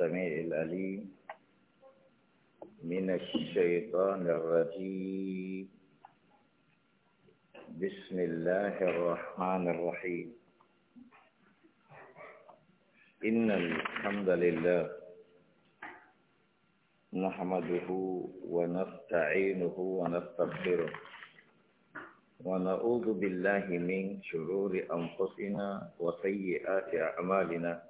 السميع الأليم من الشيطان الرجيم بسم الله الرحمن الرحيم إن الحمد لله نحمده ونستعينه ونستغفره ونعوذ بالله من شرور أنفسنا وسيئات أعمالنا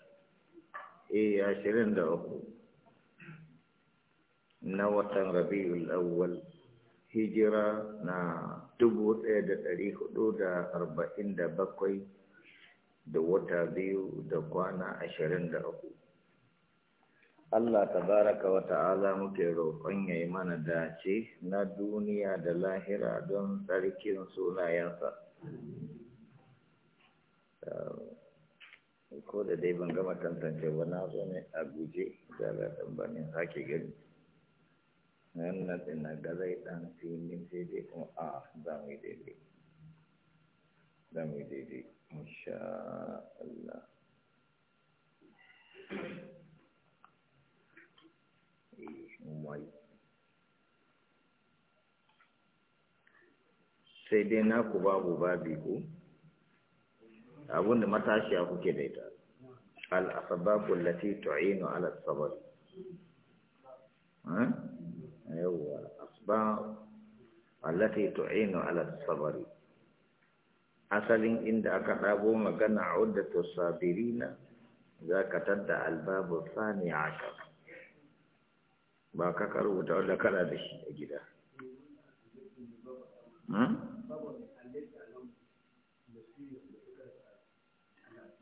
eh ashirin da uku na watan rabi'ul awwal hijira na dubu da hudu da arba'in da bakwai da wata biyu da kwana ashirin da uku Allah tabaraka wa ta'ala muke roƙon yayi mana dace na duniya da lahira don tsarkin sunayensa. ko da dai ban gama tantance ba na zo ne a guje da ɗanbanin sake gani nan ɗin na ga zai ɗan filin sai dai kuma a za mu yi daidai za mu yi daidai insha Allah eh, sai dai naku babu babi ku abun da matashiya kuke da ita al-asbabu allati tu'inu ala sabr ha eh? yawa asbab allati tu'inu ala sabr asalin inda aka dabo magana uddatu sabirina ka tadda al-babu thani akar ba ka da wanda kana da shi a gida hmm?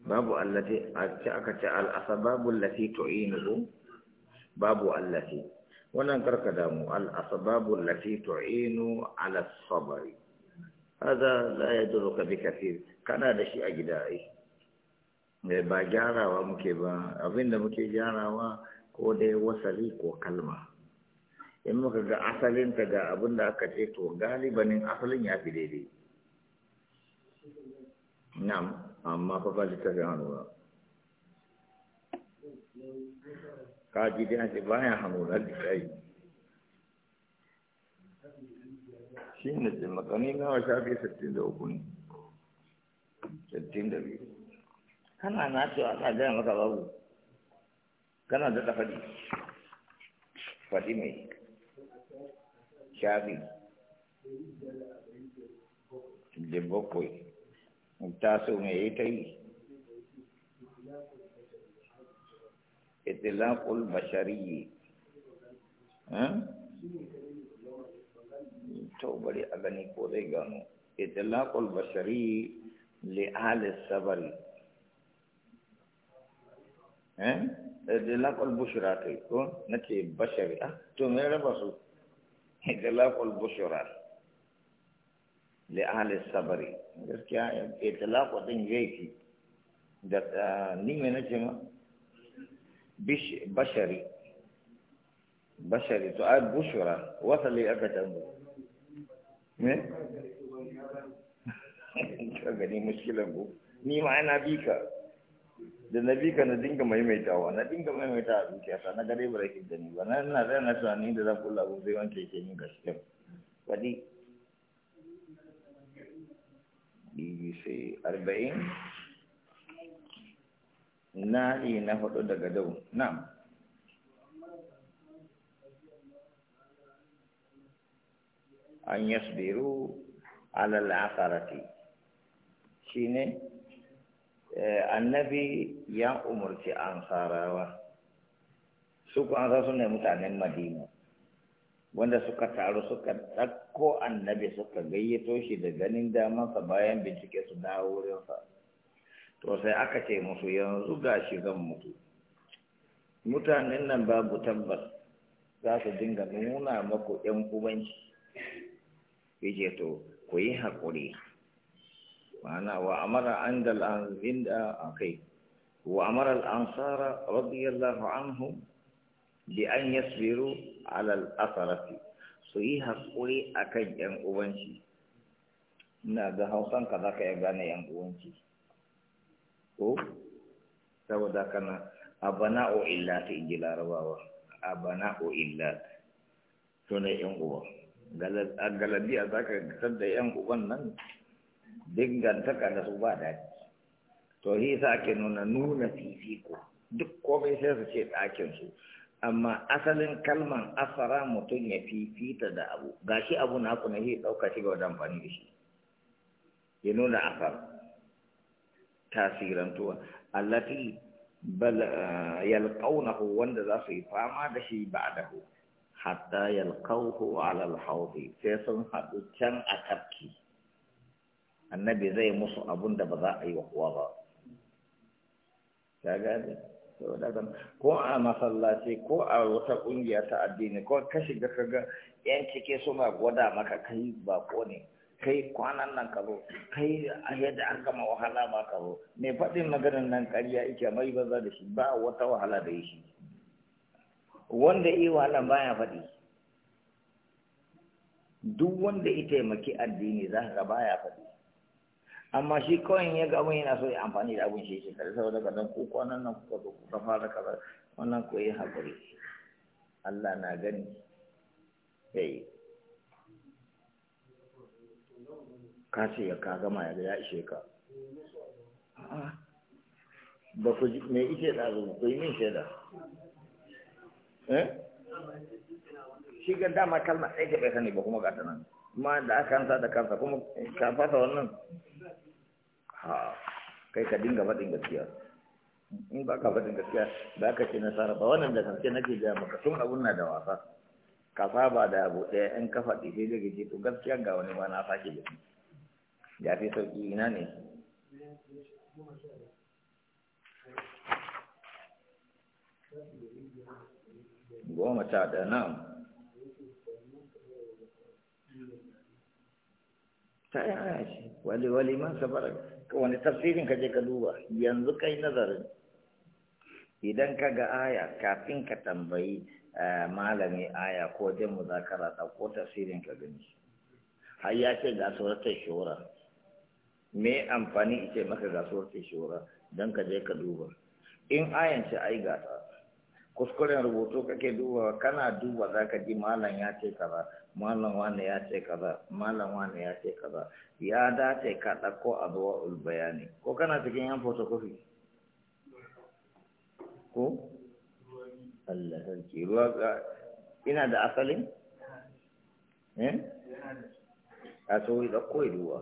babu allati aka ce al-asbabu allati tu'inuhu babu allati wannan karka damu al-asbabu allati tu'inu ala za hada la ka bi kathir kana da shi a gida ai eh, ba gyarawa muke ba abinda muke gyarawa ko dai wasali ko kalma in muka ga asalinta ga abin da aka ce to galibanin asalin ya fi daidai na'am amma fa ba littafin hannu ba kaji dai an ce bayan hannu na littafi shi ne ce makani nawa shafi 63 da biyu kana na cewa ana gaya maka babu kana da faɗi faɗi mai shafi da bakwai taso me yi ta yi itilaqul bashari to bari ala ni ko zai gano itilaqul bashari li ahli sabari eh itilaqul bushra kai ko nace bashari ah to me raba su itilaqul bushra li ahli sabari gaskiya itlaqu din yake da ni me nace ma bashari bashari to ai bushura wasali aka tambo me ka gani mushkilan ko ni ma ina bika da na bika na dinga maimaitawa na dinga maimaitawa a dukiyarsa na gare ba rakin da ni ba na ina zai na tunani da zan kula abin zai wanke ke min gaskiya wadi biyu sai arba'in na na hudu daga dau na'am an yasbiru ala al'asarati shine eh, annabi ya umarci ansarawa su ku an mutanen madina wanda suka taru suka ko annabi suka gayyato shi da ganin damansa bayan bincike su dawo wurinsa to sai aka ce musu yanzu ga shi zan mutu mutanen nan babu tabbas za su dinga nuna maku ɗan kubanci yake to ku yi haƙuri ma'ana wa amara an dal'azin da a kai wa amara al'ansara radiyallahu anhu bi an yasiru alal asarafi su yi haƙuri a kan ‘yan uwanci, ina ga hausan ka za ka yi gane ‘yan uwanci, ko? Saboda kana abana o illa ta inji larabawa, abana o illa su ne ‘yan uwa. Galabiya za ka gasar da ‘yan uwan nan dingantaka da su ba daji. To, shi sa ake nuna nuna fifiko, duk komai sai su ce ɗakinsu. amma asalin kalman asara mutum ya fifita da abu Ga shi abu na ku na shi ɗauka shi ga wajen amfani da shi ya nuna asar tasirantuwa allati bal eh, yalqawnahu wanda za su yi fama da shi ba'dahu hatta yalqawhu ala al-hawdi sai sun haɗu can a tafki annabi zai musu abun da ba za a yi wa kowa ba ka gane ko a masallaci ko a wata kungiya ta addini ko ka shiga ka ga yan cike suna gwada maka kai bako ne kai kwanan nan ka kai a yadda an gama wahala ma ka zo mai faɗin maganin nan ƙarya ike mai banza da shi ba wata wahala da shi wanda yi wahala baya faɗi duk wanda ya taimaki addini za ka baya faɗi amma shi kawai ya ga mun yana so ya amfani da abin shi shi kare saboda kadan ku kwanan nan kuka zo kuka fara kaza wannan ko yi hakuri Allah na gani yayi ka ce ya ka gama ya ya ishe ka ba ku ji me ishe da zo ku yi min shaida eh shi ga dama kalma ɗaya ke bai sani ba kuma ga ta nan kuma da aka hansa da kansa kuma ka fasa wannan ha kai ka dinga faɗin gaskiya in ba ka faɗin gaskiya ba ka ce nasara ba wannan da gaske nake gaya maka sun abun na da wasa ka saba da abu ɗaya in ka faɗi sai daga ce to gaskiya ga wani ma na sake da ya fi sauƙi ina ne goma sha da nan ta yi shi wali wali man wani tafsirin ka je ka duba yanzu kai nazarin idan ka ga aya kafin ka tambayi eh, malami aya ko jin muzakara ta ko tafsirin ka gani har ya ce ga suratul shura me amfani ce maka ga suratul shura dan ka je ka duba in ayan ce ai ga ta. kuskuren rubutu kake duba kana duba za ka ji malam ya ce kaza malam wani ya ce kaza malam wani ya ce kaza ya dace ka ɗauko a zuwa ulbayani ko kana cikin yan fotokofi ko Allah sarki ruwa ina da asalin eh a so yi ɗauko ya duba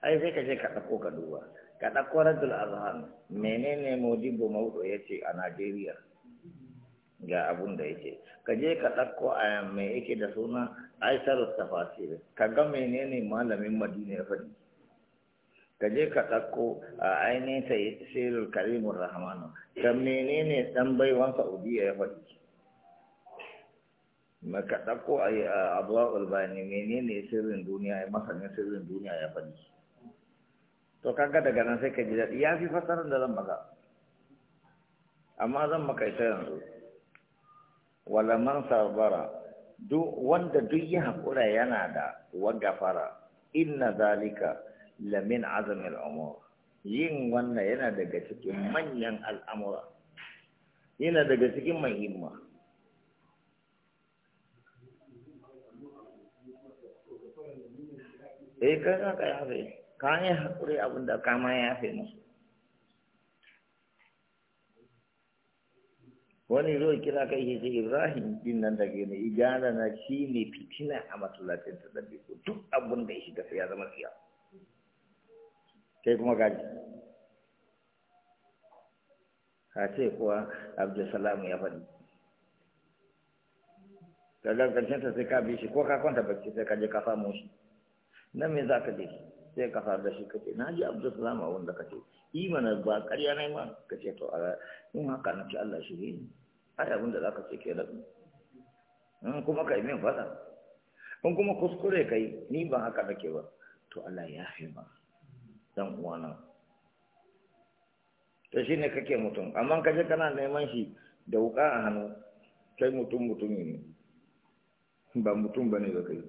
ai sai ka je ka ɗauko ka duba ka ɗauko rajul azhar menene modibo maudo ya ce a najeriya ga abun da yake ka je ka ɗauko a mai yake da suna aisar tafasir ka ga menene malamin madina ya faɗi ka je ka ɗauko a ainihin tafsirul karimun rahmanu ka menene ɗan baiwan saudiya ya faɗi ka ɗauko a abuwa bayani menene sirrin duniya ya masanin sirrin duniya ya faɗi to ka ga daga nan sai ka ji daɗi ya fi fasarar da zan maka amma zan maka ita yanzu man sabara du wanda duk ya haƙura yana da wagafara inna zalika lamin azamin umur yin wannan yana daga cikin manyan al'amura yana daga cikin mahimma eh kai ka yafe ka yi haƙuri abinda kama yafe musu wani zo kira kai shi sai ibrahim din nan da gani igana na shi ne fitina a masallacin ta zabe ko duk abun da ya shiga sai ya zama tsiya kai kuma gaji ka ce kuwa abdulsalam ya faɗi daga ƙarshen ta sai ka bi shi ko ka kwanta bacci sai ka je ka samu shi nan me za ka je sai ka faru da shi ka ce na ji abdulsalam a wanda ka ce imana ba ƙarya na ma ka ce to ara in haka na ci Allah shi ne ai abin da za ka ce ke da in kuma ka yi min fada in kuma kuskure ka yi ni ban haka nake ba to Allah ya fi ma dan uwana to shi ne kake mutum amma ka je kana neman shi da wuka a hannu kai mutum mutum ne ba mutum ba ne ba kai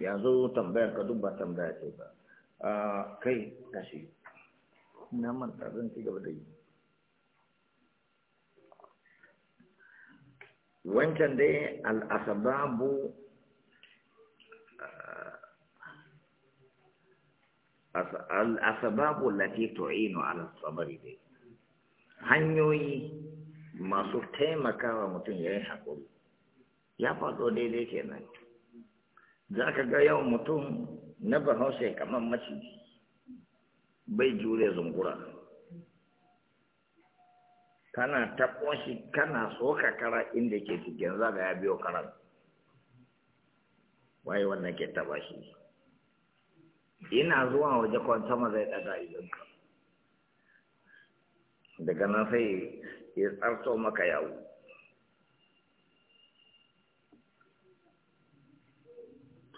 yanzu tambayar ka duk ba tambaya ce ba kai tashi na manta zan ci gaba da yi wancan dai al'asababu al'asababu lati tu'inu ala dai hanyoyi masu taimakawa mutum ya yi haƙuri ya faɗo daidai kenan za ka ga yawan mutum na bahaushe kamar maciji bai jure zungura kana taɓo shi kana soka kara inda ke cikin zaga ya biyo karar waye wannan ke taɓa shi ina zuwa waje sama zai ɗaga idanka daga nan sai ya tsarto maka yawo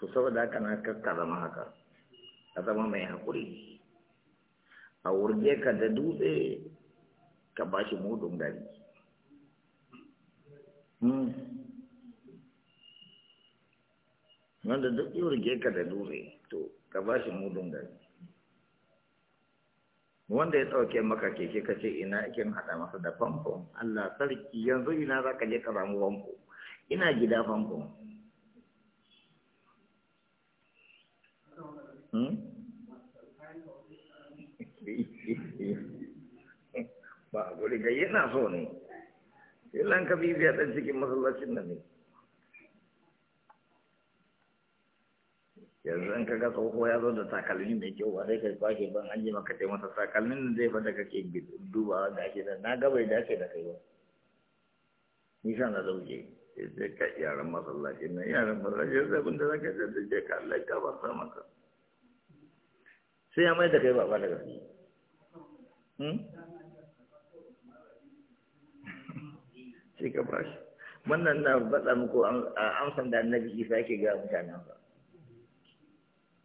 to saboda haka na kakka zama haka ka zama mai haƙuri a wurge ka da dutse ka ba shi mudun gari hmm. da duk yi wurge ka da dutse to ka ba shi mudun gari wanda ya tsauke maka keke ka ce ina ikin haɗa masa da famfon Allah sarki yanzu ina za ka je ka samu famfo ina gida famfon Hmm? ba a guri ga yana so ne ilan ka bibiya ɗan cikin masallacin nan ne yanzu an kaga tsoho ya zo da takalmi mai kyau ba sai kai kwashe ban an ji maka ce masa takalmin da zai fada kake duba da ake da na gaba da dace da kai ba nisan na zauje sai ka yaran masallacin nan yaran masallacin sai abin da zaka je ka Allah ka ba sa maka sai ya mai da kai ba daga hmm? sai ka ba shi wannan na faɗa muku a amsan da annabi isa yake ga mutanen ba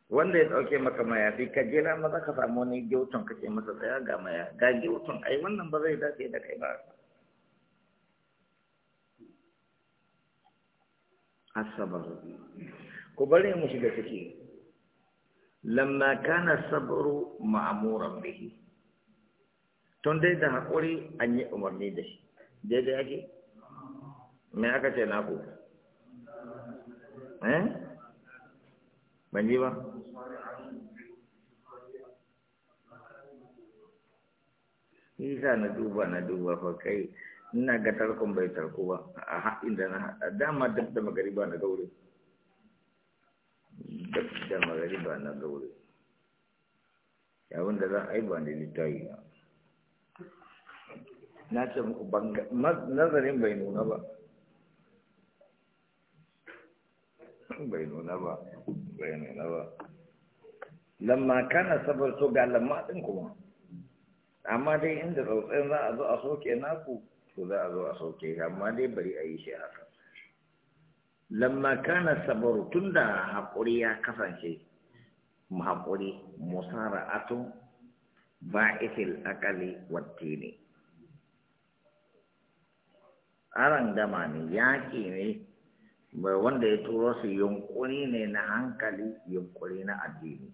wanda ya ɗauke maka sai ka jela maza ka samu wani gyauton ka ce masa tsaya ga maya ga gyauton ai wannan ba zai dace da kai ba asabar ku bari mu shiga ciki lamma kana sabru ma'muran bihi tun dai da haƙuri an yi umarni da shi daidai ake me aka ce naku eh ban yi ba isa na duba na duba fa kai ina ga tarkon bai tarko ba a haɗin da na haɗa dama duk da magariba na gauri. da magariba na gauri yawon da za a yi ba ne littafi na na ce muku nazarin bai nuna ba bai nuna ba bai nuna ba lamma kana sabar so ga lamma kuma amma dai inda tsautsayin za a zo a soke naku to za a zo a soke amma dai bari a yi shi haka lamma kana sabaru tunda haƙuri ya kasance haƙuri ba ba'isil akali wattini aran dama ne yaƙi ne bai wanda ya turo su yunƙuri ne na hankali yunƙuri na addini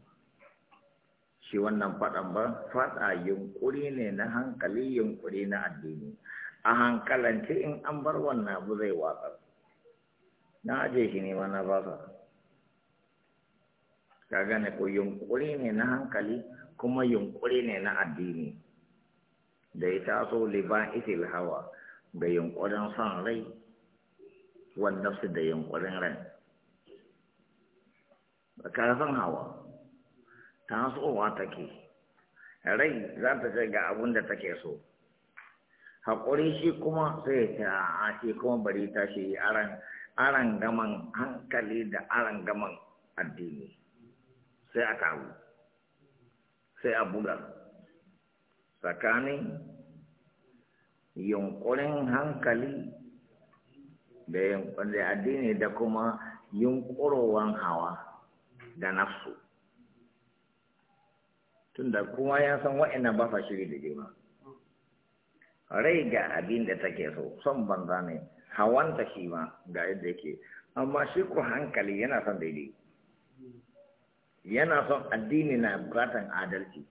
shi wannan faɗan ba faɗa yunƙuri ne na hankali yunƙuri na addini a hankalance in an bar wannan abu zai watsar na aje shi ne na ba ka gane ko yunkuri ne na hankali kuma yunkuri ne na addini da ya taso liban isil hawa ga yunkurin son rai wanda su da yunkurin rai karfin hawa ta take rai za ta ce ga abin da take so haƙuri shi kuma sai ta a shi kuma bari ta a aran arangaman hankali da arangaman addini sai a kawo sai a buga tsakanin yunkurin hankali da addini da kuma yunkurowan hawa da nafsu tunda kuma ya san wa'annan ba fashiri shiri da jima rai ga abin da take so son banza ne hawanta shi ma ga yadda yake amma shi ku hankali yana son daidai yana son addini na bukatan adalci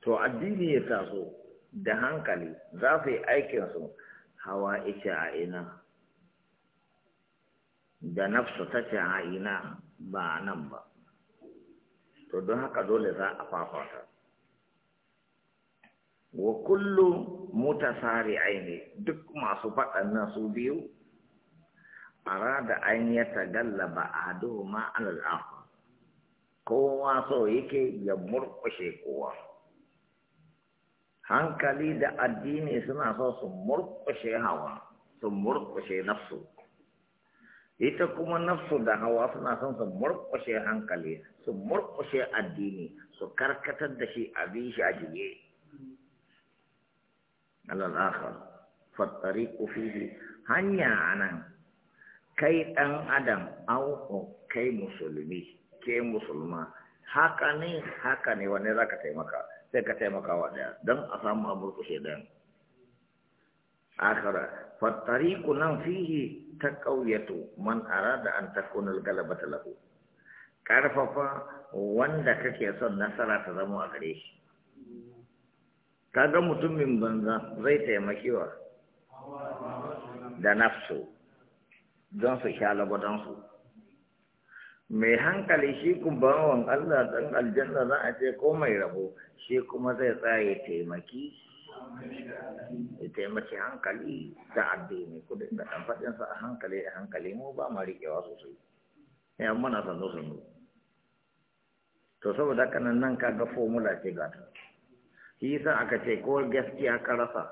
to addini ya taso da hankali za su yi aikin su hawa ita a ina da nafsu ta ce a ina ba nan ba to don haka dole za a fafata wa kullu mutasari'aini duk masu faɗannan su biyu arada an yatagallaba ahaduhuma alal akhar kowa so yake ya murkushe kowa hankali da addini suna so su murkushe hawa su murkushe nafsu ita kuma nafsu da hawa suna son su murƙushe hankali su murƙushe addini su karkatar da shi a shi a jiye alal akhar fatariqu fihi hanya anan kai dan adam au kai musulmi kai musulma haka ne haka ne wanne zaka taimaka sai ka taimaka wa daya dan a samu aburku sai dan akhara fatariqu nan fihi taqawiyatu man arada an takuna al lahu karfafa wanda kake son nasara ta zama a gare shi kaga mutumin banza zai taimakiwa da nafsu don su sha lagwadonsu mai hankali shi kumbawan Allah dan aljanna za a ce ko mai rabo shi kuma zai tsaye taimaki ya taimaki hankali da addini kudin da ɗan fadinsa a hankali a hankali mu ba ma riƙewa sosai ya mana sannu sannu to saboda kanan nan kaga formula ce gata shi yasa aka ce ko gaskiya ka rasa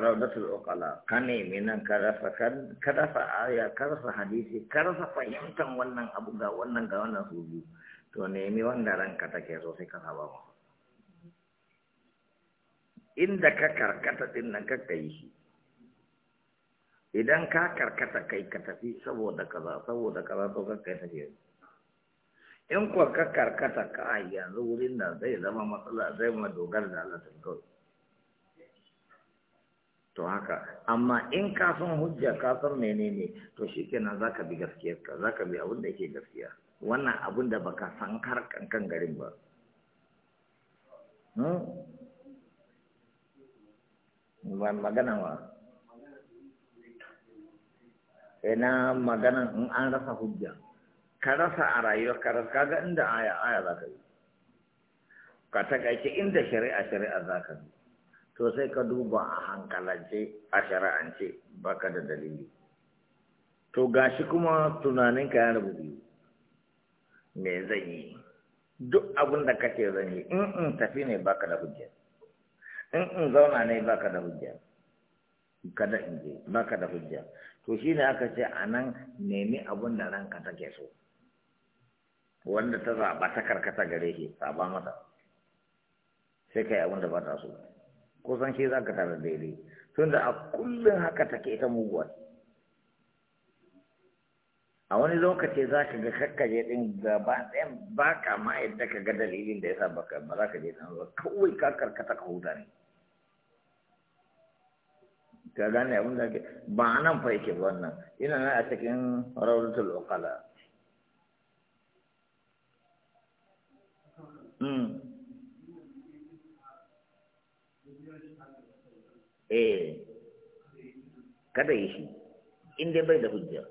raudatul uqala ka nemi nan ka rasa ka rasa aya ka rasa hadisi ka rasa fahimtar wannan abu ga wannan ga wannan su biyu to nemi wanda ranka take so sai ka saba masa inda ka karkata din nan ka yi shi idan ka karkata kai ka tafi saboda kaza saboda kaza to ka kai tafiya in kuwa ka karkata ka a yanzu wurin da zai zama matsala zai ma dogara da Allah tun kawai to haka amma in ka san hujja ka san menene to shi za ka bi gaskiya? ka ka bi abin da yake gaskiya wannan abin da baka san har kankan garin ba hmm? magana wa ina magana in an rasa hujja ka rasa a rayuwar ka rasa kaga inda aya aya za ka yi ka takaice inda shari'a shari'a za ka yi to sai ka duba a hankalance a shari'ance baka da dalili to gashi kuma tunanin ka ya rabu biyu me zan yi duk abin da kake zan yi in in tafi ne baka da hujja in in zauna ne baka da hujja kada in je baka da hujja to shine aka ce anan nemi abin da ranka take so wanda ta zaɓa ta karkata gare shi saba mata sai ka yi abin da ba ta so san shi za ka tare daidai tun da a kullum haka take ita muguwar a wani lokaci za ka ga kakkaje ɗin gaba ɗayan ba ka ma yadda ka ga dalilin da ya sa ba za ka je ɗan ba kawai ka karkata ka huta ne ka gane abin da ke ba nan fa yake wannan ina nan a cikin rawar tulokala Hmm. eh kada yi shi in dai bai da hujja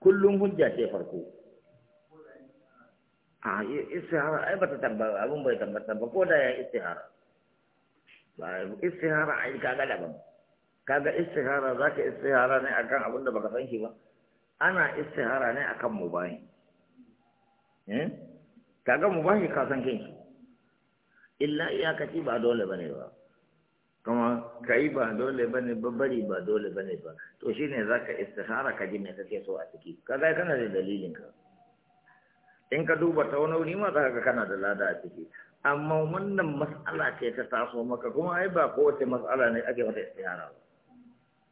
kullum hujja ce farko a istihara ai bata tabbata abin bai tabbata ba ko da ya istihara ba istihara yi kaga daban kaga istihara ka istihara ne a kan abin da baka san shi ba ana istihara ne akan mubahi eh hmm? kaga mu bashi kasan kanki illa kaci ba dole bane ba kuma kai ba dole bane ba bari ba dole bane ba to shine zaka istihara ka ji me kake so a ciki kaga kana da dalilin ka in ka duba ta wani wuri ma zaka kana da lada a ciki amma wannan mas'ala ce ta taso maka kuma ai ba kowace mas'ala ne ake mata istihara ba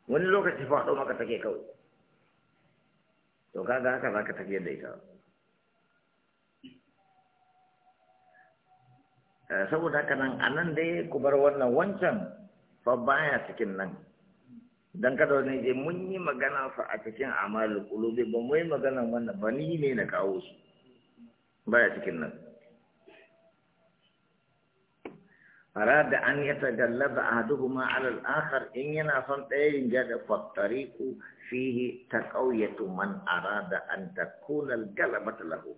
wani lokaci faɗo maka take kawai to kaga haka zaka tafiyar da ita Eh, saboda haka nan a nan dai ku bar wannan wancan fa baya cikin nan dan kada wani je mun yi magana fa a cikin Amalu, qulubi ba mu yi magana wannan ba ni ne na kawo su baya cikin nan da an a ahaduhuma ala al-akhar in yana son ɗaya ja da fattariku fihi taqawiyatu man arada an takuna al-galabata lahu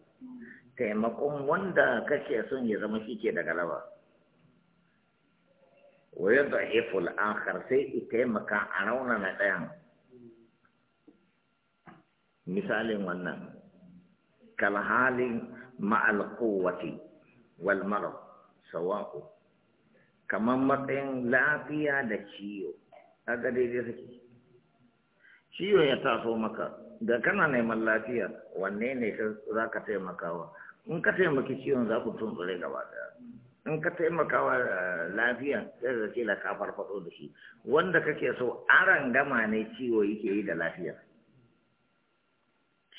taimakon wanda kake son ya zama shi ke da galaba wayo da iful akhar sai i taimaka a rauna na ɗayan misalin wannan kalhalin ma'al kowace wal sawa'u kamar matsayin lafiya da ciwo a daidai suke ciwo ya taso maka da kana neman lafiya wanne ne za ka taimakawa in ka taimaki ciwon za ku tuntsure gaba daya in ka taimaka wa eh, lafiya sai da ce ka farfaɗo da shi wanda kake so aran gama ne ciwo yake yi da lafiya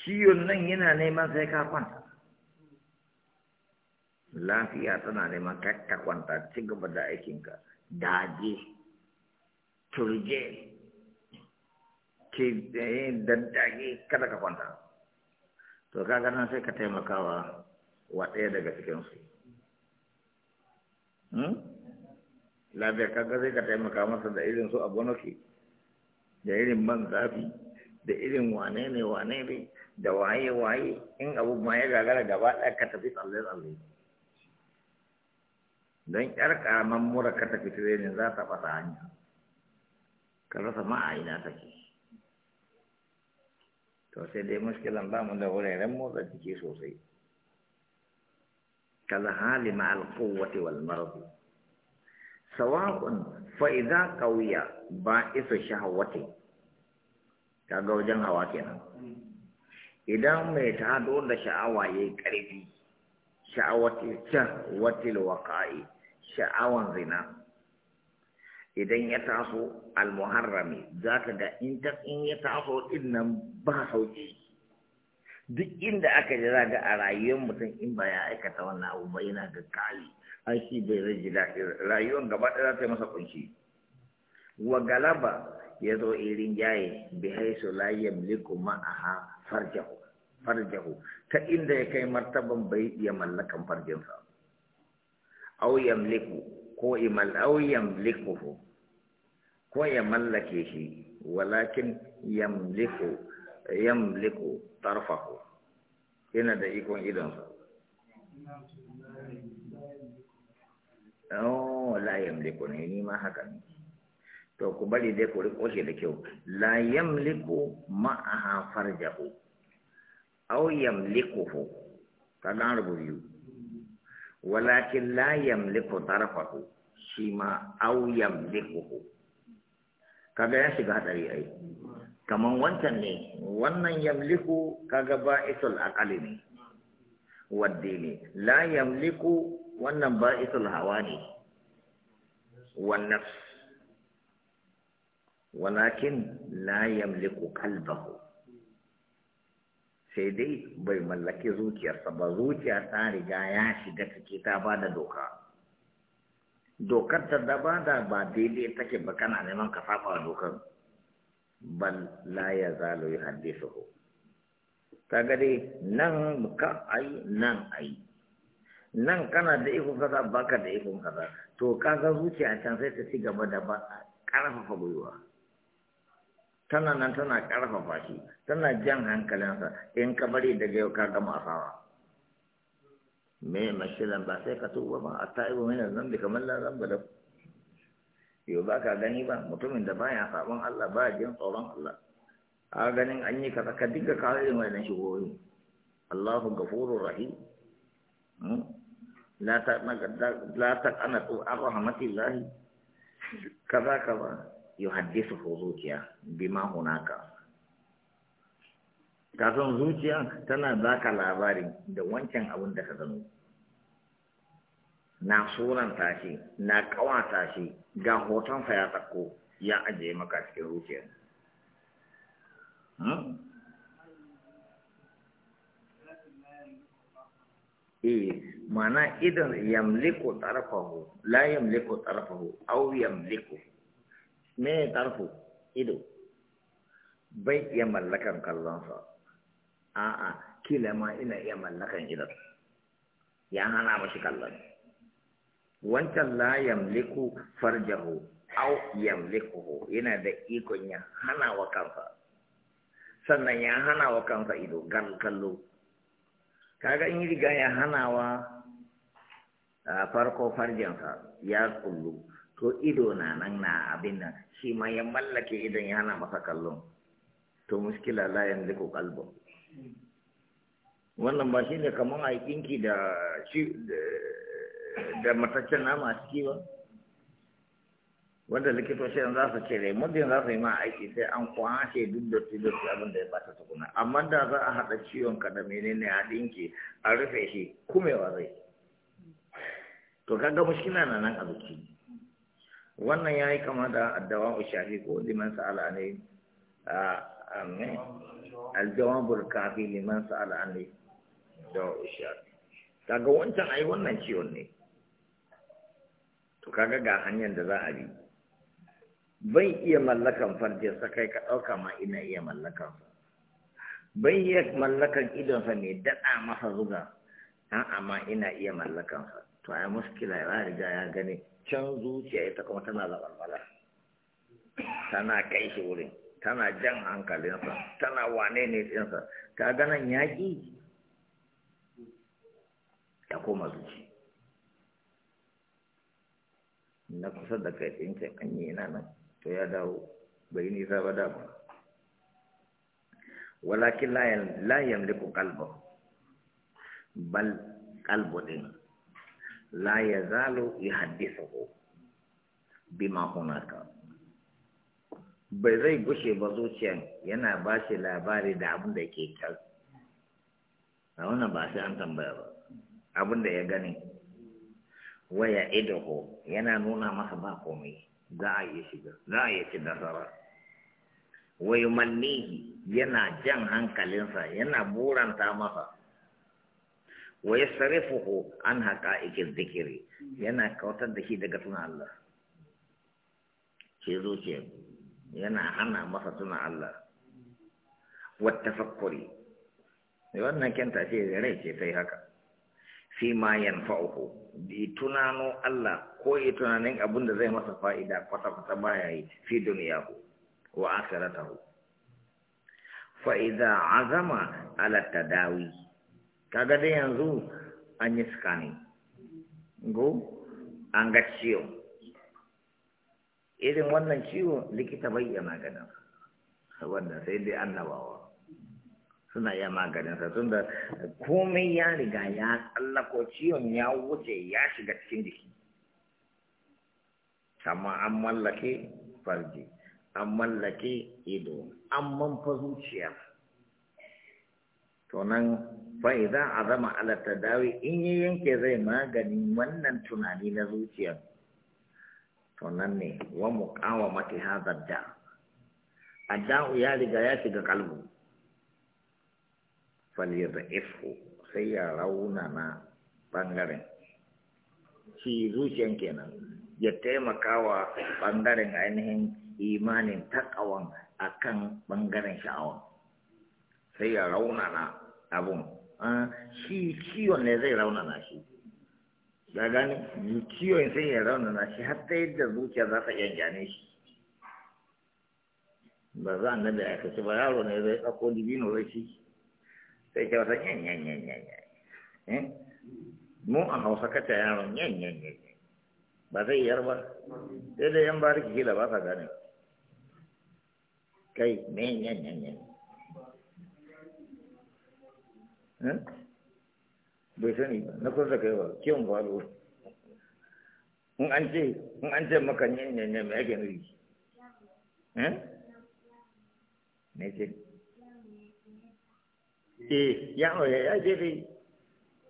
ciwon nan yana neman sai ka kwanta lafiya tana neman ka kwanta ci gaba da aikinka daje turje ke eh, daddage kada ka kwanta to kaga nan sai ka taimakawa wa ɗaya daga cikinsu hmm? lafiya kaga zai ka taimaka masa da irin su abonoki da irin man zafi da irin wane ne wane ne da waye waye in abu ma ya gagara gaba ɗaya ka tafi tsalle tsalle don ƴar ƙaramin mura ka tafi tirenin za ta ɓata hanya ka rasa ma a ina take to sai dai muskilan ba mu da wuraren motsa jiki sosai كالهال مع القوة والمرض سواء فإذا قوي بائس شهوة كغوجن هواكينا إذا ميتادون شعوة يكريبي شعوة شهوة الوقائي شعوة زنا idan ya taso almuharrami za ka ga in ya taso din nan ba sauki duk inda aka ji zaga a rayuwar mutum in ba ya aikata wannan abu ba yana ga kali an shi bai rage daɗi rayuwar gaba ɗaya za ta yi masa kunshi wa galaba ya zo irin jaye bi haisu la yamliku ma'aha farjahu farjahu ta inda ya kai martaban bai iya mallakan farjinsa Au yamliku ko imal aw yamlikuhu ko ya mallake shi walakin yamliku yamliku tarfahu yana da ikon idonsa oh la yamliku ne ni ma haka ne to ku bari dai ku riko shi da kyau la yamliku ma'aha farjahu aw yamlikuhu kaga an rubutu walakin la yamliku tarfahu shi ma aw yamlikuhu kaga ya shiga hadari ai kaman wancan ne wannan yamliku kaga ba'isul aqali ne wadde ne la yamliku wannan ba'isul hawa ne wannan walakin la yamliku qalbahu sai dai bai mallaki zuciyarsa ba zuciya ta riga ya shiga take ta ba da doka dokar ta da ba da ba daidai take ba kana neman ka saba dokar ban la ya zalo ya haddisa ho kaga dai nan ka ai nan ai nan kana da ikon kaza baka da ikon kaza to kaga zuciya can sai ta ci gaba da ba karfafa gwiwa tana nan tana karfafa shi tana jan hankalinsa in ka bari daga yau ka gama asawa me mashilan ba sai ka tuba ba a ta'ibu mai nan da kamar lalamba da yau ba ka gani ba mutumin da baya sabon Allah ba jin tsoron Allah a ganin an yi kaza ka dinga kawo irin wannan shigoyi Allahu gafuru rahim hmm? la ta la ta ana tu rahmatillah kaza kaza yuhaddisu zuciya bima hunaka Kasan zuciya tana baka labarin da wancan abin da ka gano na suranta shi na kawata shi ga hotonsa ya tsakko ya ajiye maka cikin zuciya hmm? eh mana idan yamliku tarfahu la yamliku tarfahu aw yamliku me tarfu ido bai iya mallakan kallonsa a'a kila ma ina iya mallakan idan ya hana mashi kallon wancan la yamliku farjahu au yamlikuhu yana da ikon ya hana wa kansa sannan ya hana wa kansa ido gal kallo kaga in riga ya hana wa farko farjansa ya kullu to ido na nan na abin nan shi ma ya mallake idan ya hana masa kallon to muskila la yamliku qalbu wannan ba shi ne kamar a kinki da shi da mataccen nama a ciki ba wanda yanzu za su cire muddin za su yi ma aiki sai an kwashe duk dotti dotti abin da ya bata tukuna amma da za a haɗa ciwon ka da menene a ɗinki a rufe shi kumewa zai to kaga mushkila na nan a zuci wannan ya yi kama da addawa shafi ko liman sa'ala ne aljawabul burkafi liman sa'ala ne da shafi kaga wancan ai wannan ciwon ne to kaga ga hanyar da za a bi ban iya mallakan farjinsa kai ka ɗauka ma ina iya mallakan bai iya mallakan idonsa ne daɗa masa zuga an amma ina iya mallakan sa to ya muskila ya riga ya gani can zuciya ita kuma tana zabalbala tana kai shi wurin tana jan hankalinsa tana wane ne ɗinsa ka ganan yaƙi ya koma zuci na kusa da kai tsinke an yi na nan to ya dawo bai nisa ba ba walakin la liku kalbo bal kalbo din la Bi yuhaddithuhu bima hunaka bai zai gushe ba zuciyan yana ba shi labari da abin da ke kyau. a wannan ba sai an tambaya ba abin da ya gani waya idaho yana nuna masa ba komai za a iya shiga za a iya ci nasara wai mannihi yana jan hankalinsa yana buranta masa wai sarifuhu an haƙa ikin zikiri yana kautar da shi daga tuna Allah ce zuciya yana hana masa tuna Allah wata fakkuri wannan kenta ce rai ce ta yi haka fi ma yanfa'uhu bi tunano Allah ko yi tunanin abin da zai masa fa'ida kwata-kwata baya yi fi ko wa akhiratahu fa idza azama ala tadawi kaga dai yanzu an yi skani go an ga ciwo irin wannan ciwo likita bayyana ganin wanda sai dai annabawa suna iya maganinsa tunda da komai ya riga ya tsallako ciwon ya wuce ya shiga cikin jiki amma an mallake farji an mallake ido an manfa zuciya to nan fa'iza a zama alata dawi in yi yanke zai magani wannan tunani na zuciya to nan ne wa kawo mati hazar da adda'u ya riga ya shiga kalbu falyadhifhu sai ya raunana bangaren shi zuciyan kenan ya taimakawa bangaren ainihin imanin takawan akan bangaren sha'awa. Ah, sai ya raunana abun shi ciwon ne zai raunana shi da gani ciwon sai ya raunana shi har ta yadda zuciya za ta yanjane shi ba za a nan da ya kace ba yaro ne zai ɗauko dibino zai shi? sai ke wasa yan yan yan yan yan eh? mu a ah, hausa kace yaron yan yan yan ba zai yar ba sai da yan bariki kila ba sa gane kai me yan yan yan bai sani ba na kusa kai ba kiyon gwalo in an ce in an ce maka yan yan yan me ake nufi eh ce E yaro ya ya je dai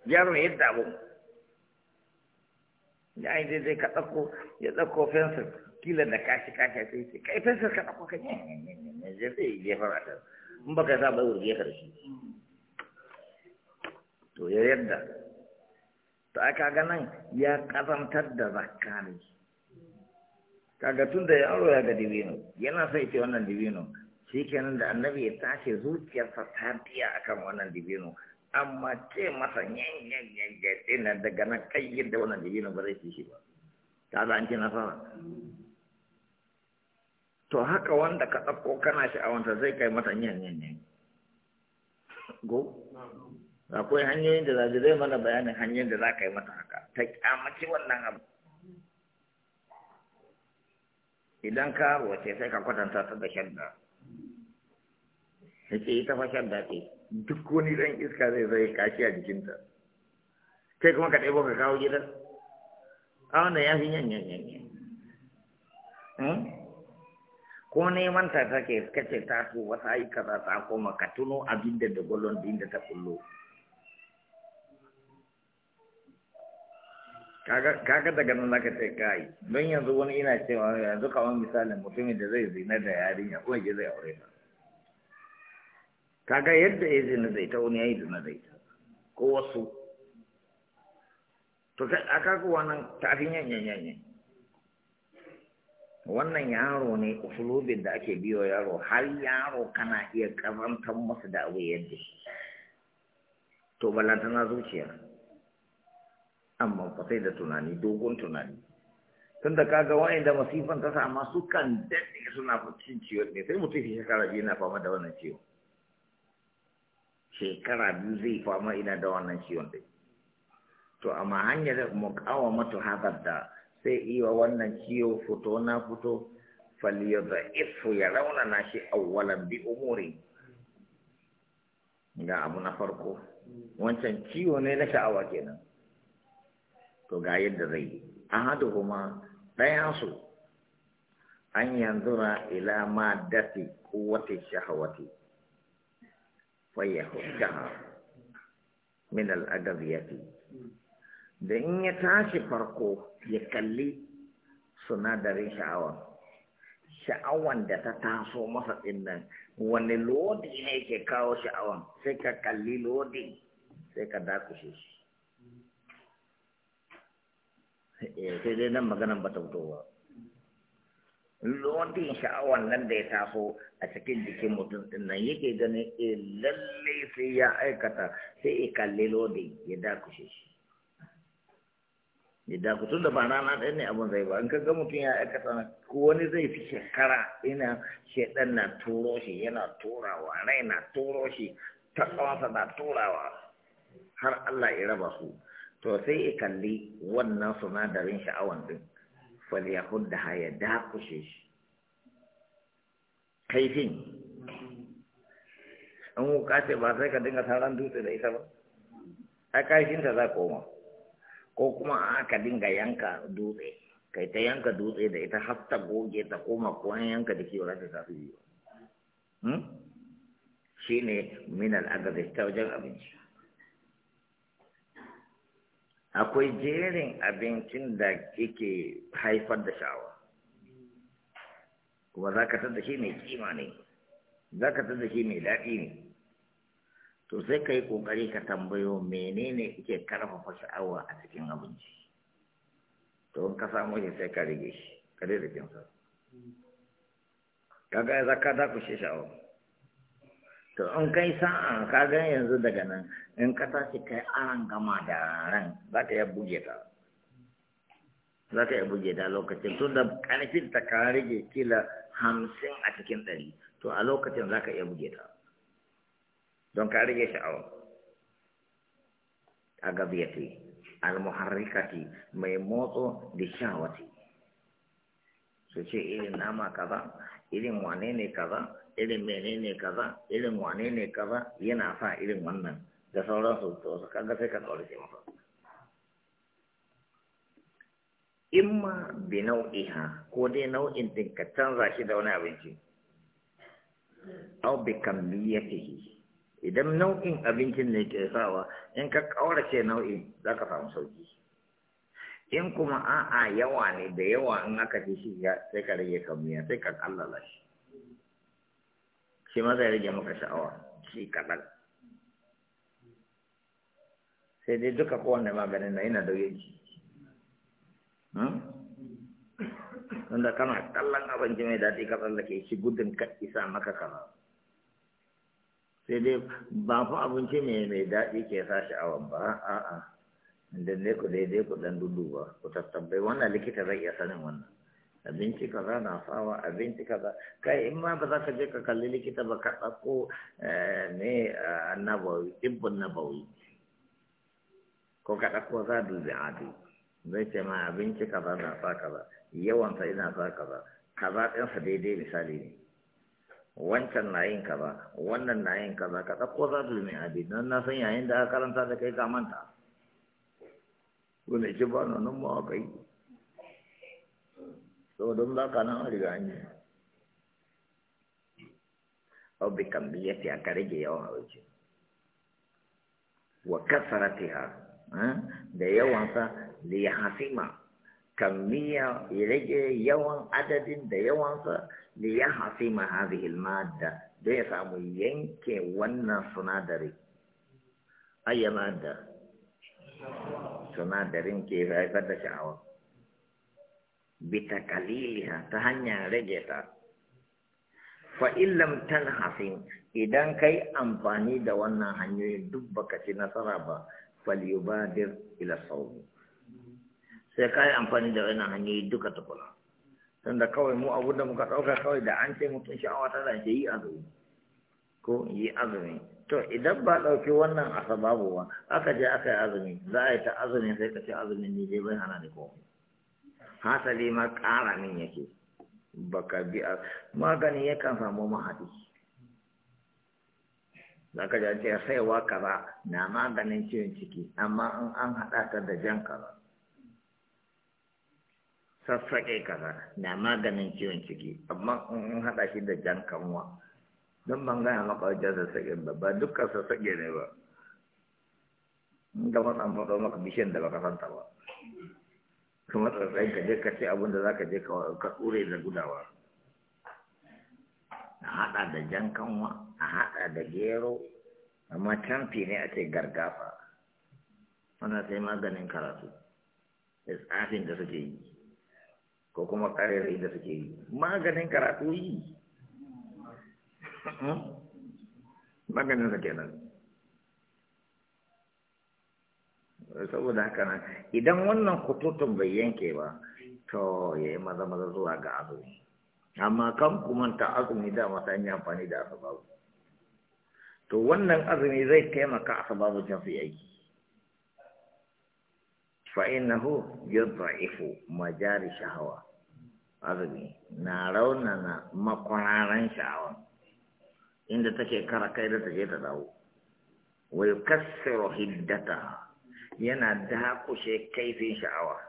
ya dabo ya yi zai ka ɗauko ya fensir kila da kashi kashi sai ce kai fensir ka ɗauko ka ne ne ne ne zai jefa mata baka sa bai wurge ka shi to ya yadda to aka ga nan ya kazantar da zakka kaga tun yaro ya ga dibino yana sai ce wannan dibino shi kenan da annabi ya tashi zuciyarsa ta biya akan wannan dibino amma ce masa yanyanyanyan dinar daga nan kai yadda wannan dibino ba zai ci shi ba ta za an ci nasara to haka wanda ka ɗauko kana sha'awanta zai kai yan yan go akwai hanyoyin da zaje zai mana bayanin hanyoyin da za ka yi masa haka ta kyamaci wannan abu idan ka wace sai ka kwatanta ta da shadda ya ce ita fashar dace duk wani ɗan iska zai zai kashi a jikinta kai kuma ka ɗaibo ka kawo gidan a wannan ya fi yan yan yan yan hmm? ko neman ta ke kace ta so wata yi kaza ta koma ka tuno abin da da gwalon din da ta kullo kaga daga nan zaka ce kai don yanzu wani ina cewa yanzu kawai misalin mutumin da zai zina da yarinya ko ya zai aure ta kaga yadda ya zina zai ta wani ya yi zina zai ta ko wasu to a kaga wannan tafin yanyan yanyan wannan yaro ne usulubin da ake biyo yaro har yaro kana iya karantar masa da abu yadda to balantana zuciya amma fasai da tunani dogon tunani tun da kaga wa'inda masifan ta sa amma su kan daɗe suna cin ciwo ne sai mutum shi shekara biyu na fama da wannan ciwo shekara biyu zai fama ina da wannan ciwon dai to amma hanyar mata hadar da sai iya wannan ciwo fito na fito da ifu ya raunana shi awwalan bi umuri ga abu na farko wancan ciwo ne na sha'awa kenan to ga yadda zai yi ahadu kuma ɗayansu an yanzu ila ma dafi kowace shahawati fayyahuddaha min fi da in ya tashi farko ya kalli sunadarin sha'awa sha'awan da ta taso masa dinnan wani lodi ne ke kawo sha'awan sai ka kalli lodi sai ka dakushe shi eh, sai dai nan maganan ba ta fito ba lodin sha'awan nan da ya taso a cikin jikin mutum din nan yake ganin e eh, lalle sai ya aikata sai ya kalli lodin ya dakushe shi ya dakushe da ba rana ɗaya ne abin zai ba in ka ga mutum ya aikata na ko wani zai fi shekara ina shaidan na turo shi yana turawa rai na turo shi tsawansa na turawa har Allah ya raba su to sai ya kalli wannan sunadarin sha'awan din falyahuddaha ya dakushe shi kaifin in wuka ce ba sai ka dinga taron dutse da ita ba a kashinta za koma ko kuma a ka dinga yanka dutse kai ta yanka dutse da ita har ta goge ta koma ko an yanka da kiwo ta tafi biyu shi ne min al'adar ta wajen abinci akwai jerin abincin da yake haifar da sha'awa kuma za ka tada shi mai kima ne za ka tada shi mai daɗi ne to sai ka yi ƙoƙari ka tambayo menene yake karfafa sha'awa a cikin abinci to in ka samu shi sai ka rage shi ka daidaitinsa kaga ya ka dakushe sha'awa to in kai sa'a ka gan yanzu daga nan in ka tashi kai aran gama da ran za ka iya buge ta za ka iya buge ta lokacin tun da karfin ta ka rage kila hamsin a cikin ɗari to a lokacin za ka iya buge ta don ka rage sha'awa a gabiyati almuharrikati mai motso da sha'awati su ce irin eh, nama kaza irin wane ne kaza irin menene kaza irin wane ne kaza yana sa irin wannan da sauransu to su kaga sai ka kaurace masa ma bi nau'iha ko dai nau'in din ka canza shi da wani abinci au bi kammiyatihi idan nau'in abincin ne ke sawa in ka ce nau'in za ka samu sauki in kuma a'a yawa ne da yawa in aka ci shi sai ka rage kammiya sai ka kallala shi shi ma zai rage maka sha'awa shi kaɗan sai dai duka kowanne maganin na yana da shi hmm? wanda kana kallon abinci mai daɗi da ke shi gudun ka isa maka kama sai dai ba fi abinci mai mai daɗi ke sa sha'awa ba a'a da ne ku daidai ku ɗan dudu ba ku tattabbai wannan likita zai iya sanin wannan abinci kaza na fama abinci kaza kai in ma ba za ka je ka kalli likita ba ka ɗauko ne eh, eh, nabawi ibbin nabawi ko ka ɗauko za dubi adu zai ce ma abinci kaza na sa kaza yawansa ina sa kaza kaza ɗinsa daidai misali ne wancan na yin kaza wannan na yin kaza ka ɗauko za dubi adu don na san yayin da aka karanta da kai ka manta. Wane ke ba nan ma kai. don ba ka nan riga an yi rabbi kan biya ta ka rage yawan aure. wa kasaratiha da yawansa li hasima كمية يلجي يوان عدد دا يوان ليحصم هذه المادة دا يفهم ينكي ونا صنادري أي مادة صنادرين كيف يفد Bita bitakaliliha ta hanyar rage ta fa illam tanhasin idan kai amfani da wannan hanyoyi duk baka ci nasara ba falyubadir ila sawm sai kai amfani da wannan hanyoyi duka tukuna da kawai mu abu da muka ɗauka kawai da an ce mutum sha'awa ta da yi azumi ko yi azumi to idan ba ɗauki wannan asababu ba aka je aka yi azumi za a yi ta azumi sai ka ce azumin ne dai bai hana ni komai hasali ma ƙara min yake baka biya magani yakan samu mahadi. za ka jace saiwa kaza na maganin ciwon ciki amma in an haɗa ta da jan kaza sassaƙe kaza na maganin ciwon ciki amma in haɗa shi da jan kanwa don ban gaya maka wajen sassaƙe ba ba dukkan sassaƙe ne ba in gama fasan faɗo maka bishiyan da baka santa ba kuma tsarkai ka je ka ce abin za ka je ka tsure da gudawa a haɗa da jan kanwa a haɗa da gero amma canfi ne a ce gargafa wana sai maganin karatu da tsafin da suke yi ko kuma karerai da suke yi maganin karatu yi hmm? maganin sa kenan saboda haka nan idan wannan kututun bai yanke ba to ya yi maza maza zuwa ga azumi amma kan kumanta azumi da masu yi amfani da asababu to wannan azumi zai taimaka asababu can su yaki fa'inahu yudha'ifu majari shahawa azumi na raunana makwararen sha'awa inda take kara kai da take ta dawo wai yukassiru hiddata yana dakushe kaifin sha'awa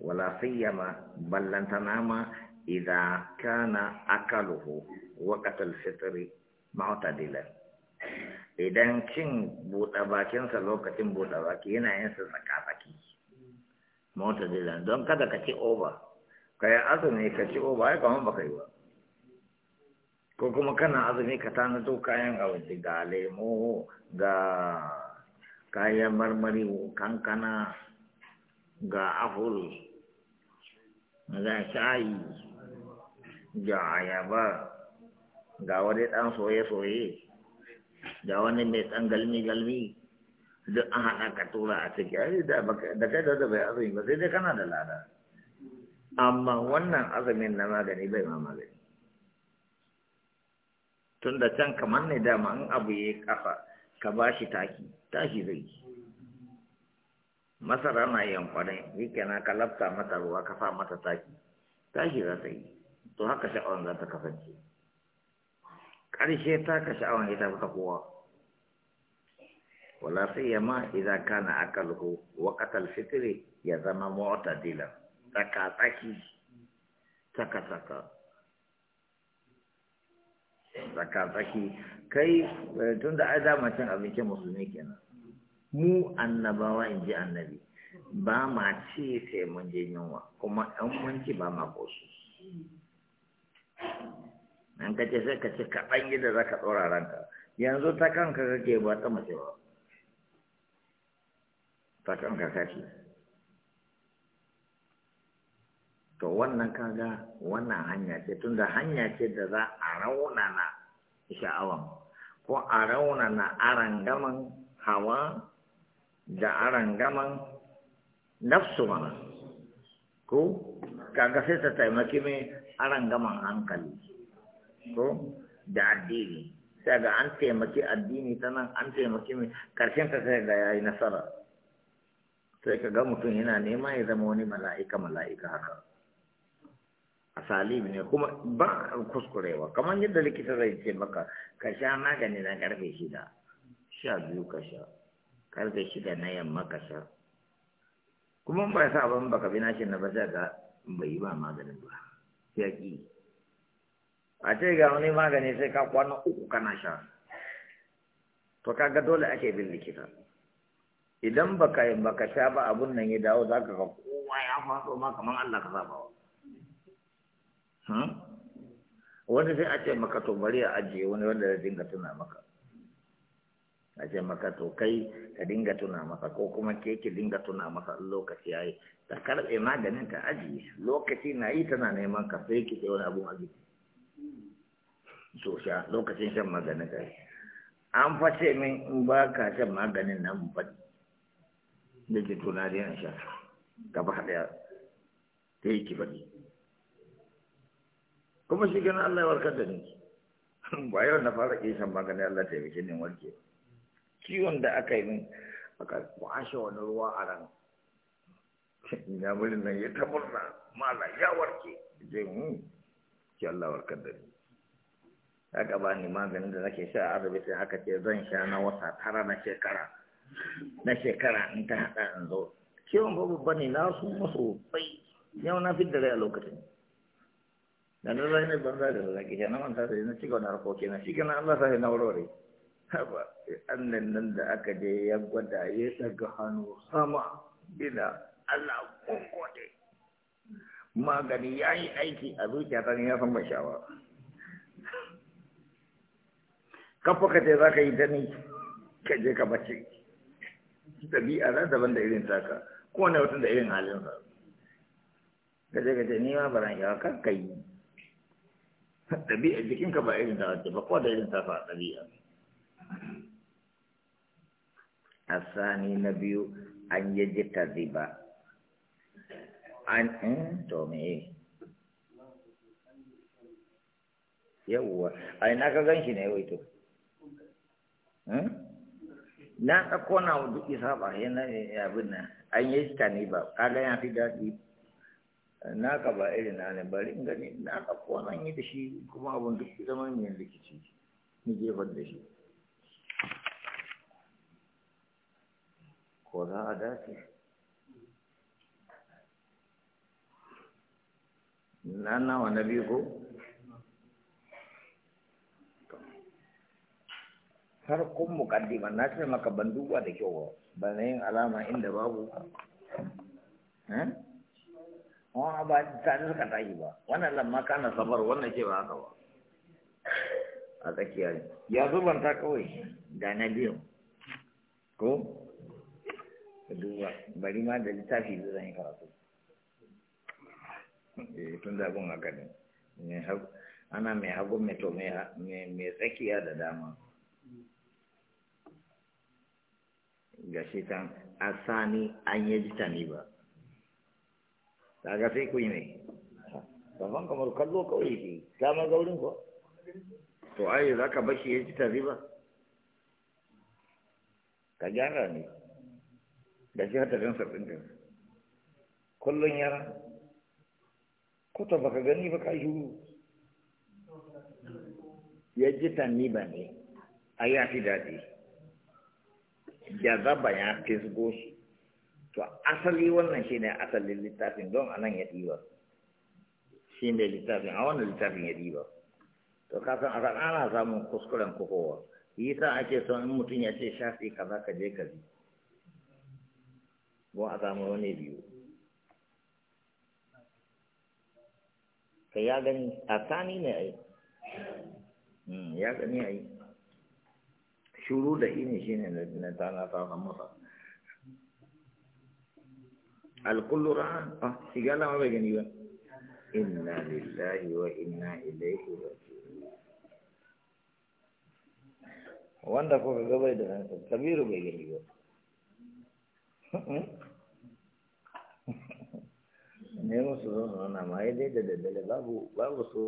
wala siyama ballantana nama idza kana akaluhu waqtal fitri mu'tadilan idan cin buɗe bakinsa lokacin buɗe baki yana yin sa tsaka-tsaki don kada ka ci over kai azumi ka ci over ai kaman baka yi ba ko kuma kana azumi ka tana to kayan abinci ga lemo ga kayan marmari kankana ga aful ga shayi ga ayaba ga wani ɗan soye-soye ga wani mai ɗan galmi-galmi duk an haɗa ka tura a ciki ai da kai da bai azumi ba sai dai kana da lada amma wannan azumin na magani bai ma magani tun da can kamar ne dama in abu ya kafa ka ba shi taki tashi zai masara na yankwarai rike na ka lafta mata ruwa ka sa mata taki tashi za ta yi to haka sha'awar za ta kasance ƙarshe ta ka sha'awar ita ta kowa wala sai ya ma idan kana akalhu waqatal fitri ya zama mu'tadila tsaka tsaki tsaka tsaka tsakatsaki kai eh, tun da ai dama cin abincin musulmi kenan mu annabawa in ji annabi ba ma ci sai mun je yunwa kuma ɗan mun ci ba ma kosu an kace sai ka ce kaɗan za ka ɗora ranka yanzu ta kanka kake ba ta mace ba ta kanka kake to wannan kaga wannan hanya ce tunda hanya ce da za a raunana sha'awan ko a raunana arangaman hawa da arangaman nafsu mana ko kaga sai ta taimaki mai arangaman hankali ko da addini sai ga an taimaki addini ta nan an taimaki mai karshen ta sai ga yayi nasara sai ka ga mutum yana nema ya zama wani mala'ika mala'ika haka salim ne kuma ba kuskurewa kamar yadda likita zai ce maka ka sha magani na karfe shida sha biyu ka sha karfe shida na yamma ka sha kuma ba sa ban baka bi nashin na ba sai ga bai yi ba maganin ba ya ki a ce ga wani magani sai ka kwana uku kana sha to kaga dole ake bin likita idan baka baka sha ba abun nan ya dawo zaka ga kowa ya faso ma kamar Allah ka saba wa Hmm? wani sai a ce maka to bari a ajiye wani wanda ya dinga tuna maka a ce maka to kai ka dinga tuna maka ko kuma ke ki dinga tuna maka lokaci yi ta karɓe maganin ka ajiye lokaci na yi tana neman ka sai ki sai wani abun jiki so sha lokacin shan maganin ka an fashe min in ba ka shan maganin nan ba da ke tuna da yana sha gaba ta yi ki baɗi kuma shi ganin Allah ya warkar da ni ba yau na fara kisan maganin Allah ta yi ne warke ciwon da aka yi min aka kwashe wani ruwa a ran ina mulin nan ya ta murna mala ya warke zai mu hmm, ki Allah warkar da ni aka ba ni maganin da nake sha a sai haka ce zan sha na wata tara na shekara na shekara in ta hada in zo ciwon babu bane na su masu bai yau na fi da rai a lokacin Dan na zai ne banza da zaki ke na manta da na cigaba da harkoki na shi Allah sai na warware haba annan nan da aka je ya gwada ya daga hannu sama ina Allah kun gode magani ya yi aiki a zuciya ta ne ya san ba shawa kafa ka ce za ka yi ni ka ka bace ɗabi'a za daban da irin taka kowane mutum da irin halinsa ka je ka ce ni ma baran yawa kan ka kai ɗabi'a jikinka ba irin ta wace ba ko da irin ta fa ɗabi'a asani na biyu an yi jika ziba an in eh, to me yawwa ai na ka ganshi ne waito hmm? na ɗauko na wudu isa ba yana abin nan an yi jika ne ba kaga ya fi daɗi naka ba irin na ne bari in gani na ɗauko nan yi da shi kuma abun duk zama mai rikici ni jefar da shi ko za a dace na nawa na biyu ko har kun mukaddima na ce maka banduwa da kyau ba na yin alama inda babu eh wa ba tare suka tashi ba wannan lamma kana sabar wannan ce ba haka ba a tsakiya ya ta kawai ga na biyu ko duba bari ma da littafi zai zan yi karatu eh, tun da abin haka ne ana mai hagu mai mai tsakiya da dama ga shi tan asani an yi jita ne ba kaga sai ku yi ne babban kamar kallo kawai ke kama gaurin ko to ai za ka bashi ya ci tari ba ka gyara ne da shi hata jan sabbin ka kullum yara kuta ka gani ba ka shuru ya ji tanni ba ne a ya daɗi ya zaba ya su goshi to asali wannan shi ne asalin littafin don a nan ya ɗiba shi ne littafin a wannan littafin ya ɗiba to kasan asan ana samun kuskuren kokowa yi sa ake son in mutum ya ce shafi kaza ka je ka bi Ko a samu wani biyu ka ya gani a tani ne a yi ya gani a yi shuru da ini shi ne na tana ta masa الكل راع اه سيجالا ما بيجن يبا يعني إنا لله وإنا إليه راجعون وان دفو في قبل دفن كبير بيجن يبا نيمو سوزون رانا ما يدي تدبل بابو بابو سو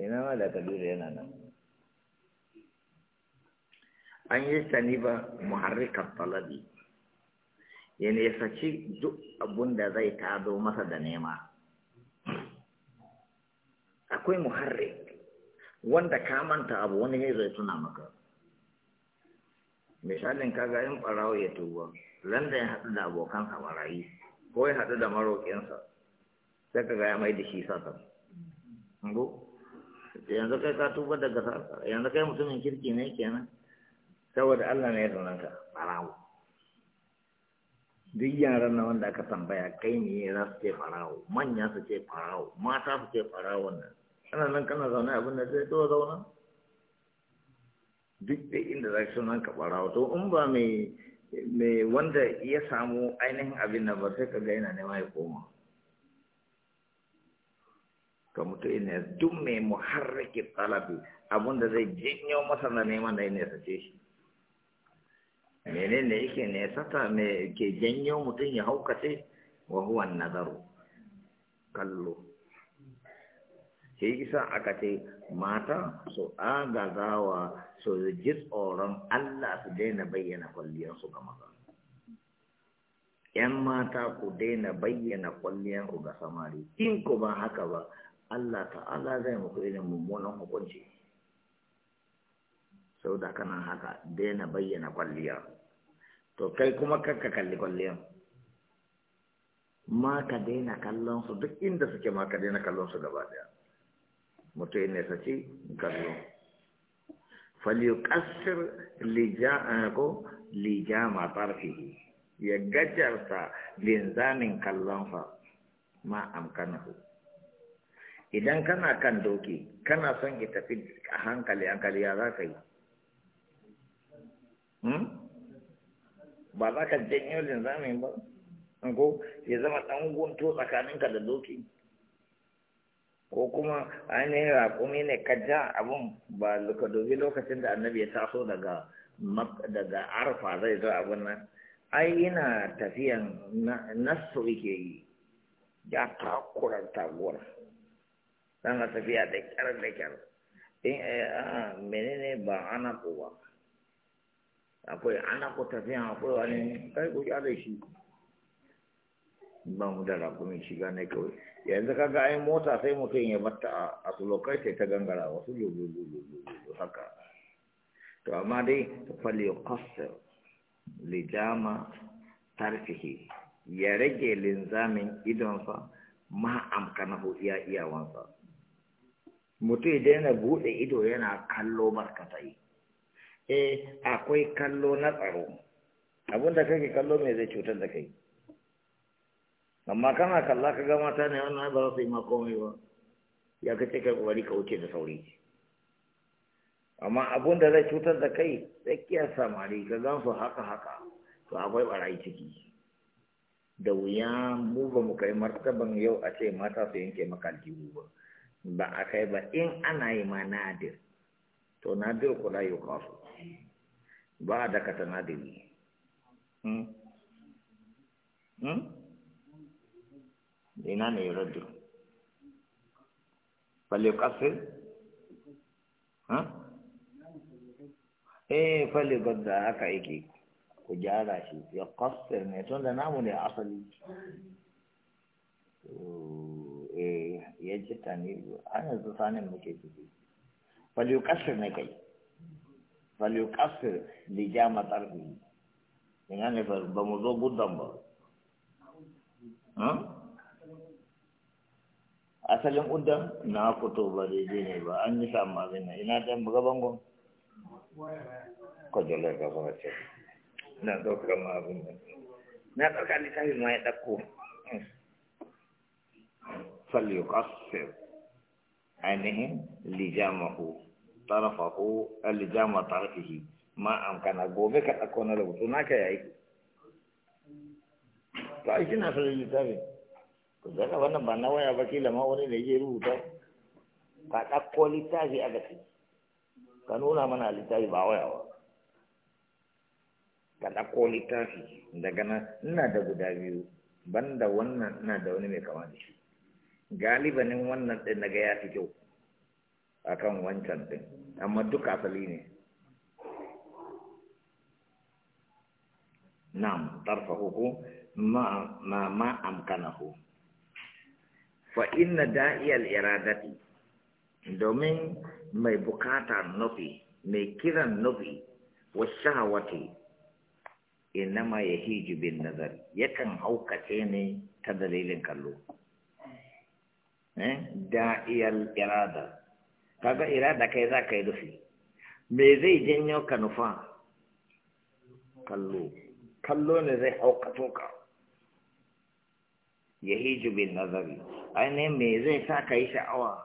إنما لا كبير ينانا نعم. أن يستنيب محرك الطلبي ya nesaci duk abun da zai tado masa da nema akwai muharri wanda ka manta abu wani ya zai tuna maka misalin ka gayin barawo ya tuba ran da ya haɗu da abokansa barayi ko ya haɗu da maroƙinsa sai ka gaya mai da shi sata yanzu kai ka tuba daga sata yanzu kai mutumin kirki ne kenan saboda Allah ne ya sunanka barawo duk yaran na wanda aka tambaya kai ne za su ce farawo manya su ce farawo mata su ce farawo nan kana nan kana zaune abin da zai to zauna duk da inda za su nan ka farawo to in ba mai mai wanda ya samu ainihin abin nan ba sai ka ga yana nema ya koma ka mutu ina duk mai muharrake talabi abin da zai jinyo masa na neman da ya sace shi menene yake ne sata me ke janyo mutum ya haukace wa huwa nazaru kallo shi isa aka ce mata su agagawa su ji tsoron Allah su daina bayyana kwalliyarsu ga maza ‘yan mata ku daina bayyana kwalliyarku ga samari in ku ba haka ba Allah ta'ala zai muku irin mummunan hukunci sau da kana haka daina bayyana kwalliya to kai kuma kakka kalli kwalliya. ma ka daina kallon su duk inda suke ma ka daina kallon su gaba daya mutum ne sace kallo falyuqassir lija eh, ko ma tarfi ya gajarta linzamin kallon fa ma amkanahu idan kana kan doki kana son ki tafi a hankali hankali ya za ka yi Hmm? ba za ka janyo linzamin ba ko ya zama ɗan gunto tsakaninka da doki ko kuma yi raƙumi ne ka ja abun ba ka dubi lokacin da annabi ya taso daga daga arfa zai zo abun nan ai ina tafiyan nasu yake yi ya takurar taguwar ka tafiya da kyar da kyar eh, eh, ah, menene ba ana kowa akwai ana ku tafiya akwai wani kai ku kyale shi ba mu da rakumin shiga ne kawai yanzu ka ga ai mota sai mutum ya batta a sulokai ta gangara wasu lulululu haka lijama linzamin ma iya idan ido yana kallo barkatai eh akwai kallo na tsaro abinda kake kallo mai zai cutar da kai amma kana kalla ka ga mata ne wannan ba za su yi ma komai ba ya kace kai kokari ka wuce da sauri amma abun da zai cutar da kai tsakiyar samari ka gan su haka haka to akwai barayi ciki da wuya mu ba mu kai martaban yau a ce mata su yanke maka aljihu ba ba a kai ba in ana yi ma nadir to nadir kula yau kawo ba da katanadiri hmm? hmm? ina ne raddu falle kasir eh falle gadda haka yake ku gyara shi ya kasir ne tun da namu ne asali eh, ya ji ta ne ana zufanin muke ciki falle kasir ne kai falyu kasir da jama tsarfi ina ne ba mu zo gudan ba asalin udan na kuto ba daidai ne ba an yi samu abin nan ina ta buga bangon kwajalar da kuma ce na ɗaukar ma abin nan na ɗauka littafin ma ya ɗauko falyu kasir ainihin lijamahu tarafa ko alijama tarafihi ma amkana gobe ka dauko na rubutu naka yayi to ai kina fara litafi ko daga wannan ba na waya ba kila ma wani ne yake rubuta ka dauko litafi a gaci ka nuna mana litafi ba waya ba ka dauko litafi daga nan ina da guda biyu banda wannan ina da wani mai kama da shi ne wannan ɗin daga ya fi kyau akan wancan ɗin amma duk asali ne nam tarfahu ma ma amkana amkanahu fa inna da'iyal iradati domin mai bukata nufi mai kiran nufi wa shahawati innama yahiju bin nazar yakan haukace ne ta dalilin kallo eh, da'iyal irada kaga irada kai za ka yi rufi me zai janyo ka nufa kallo kallo ne zai haukato ka ya hiju bin nazari ainihin me zai sa ka yi sha'awa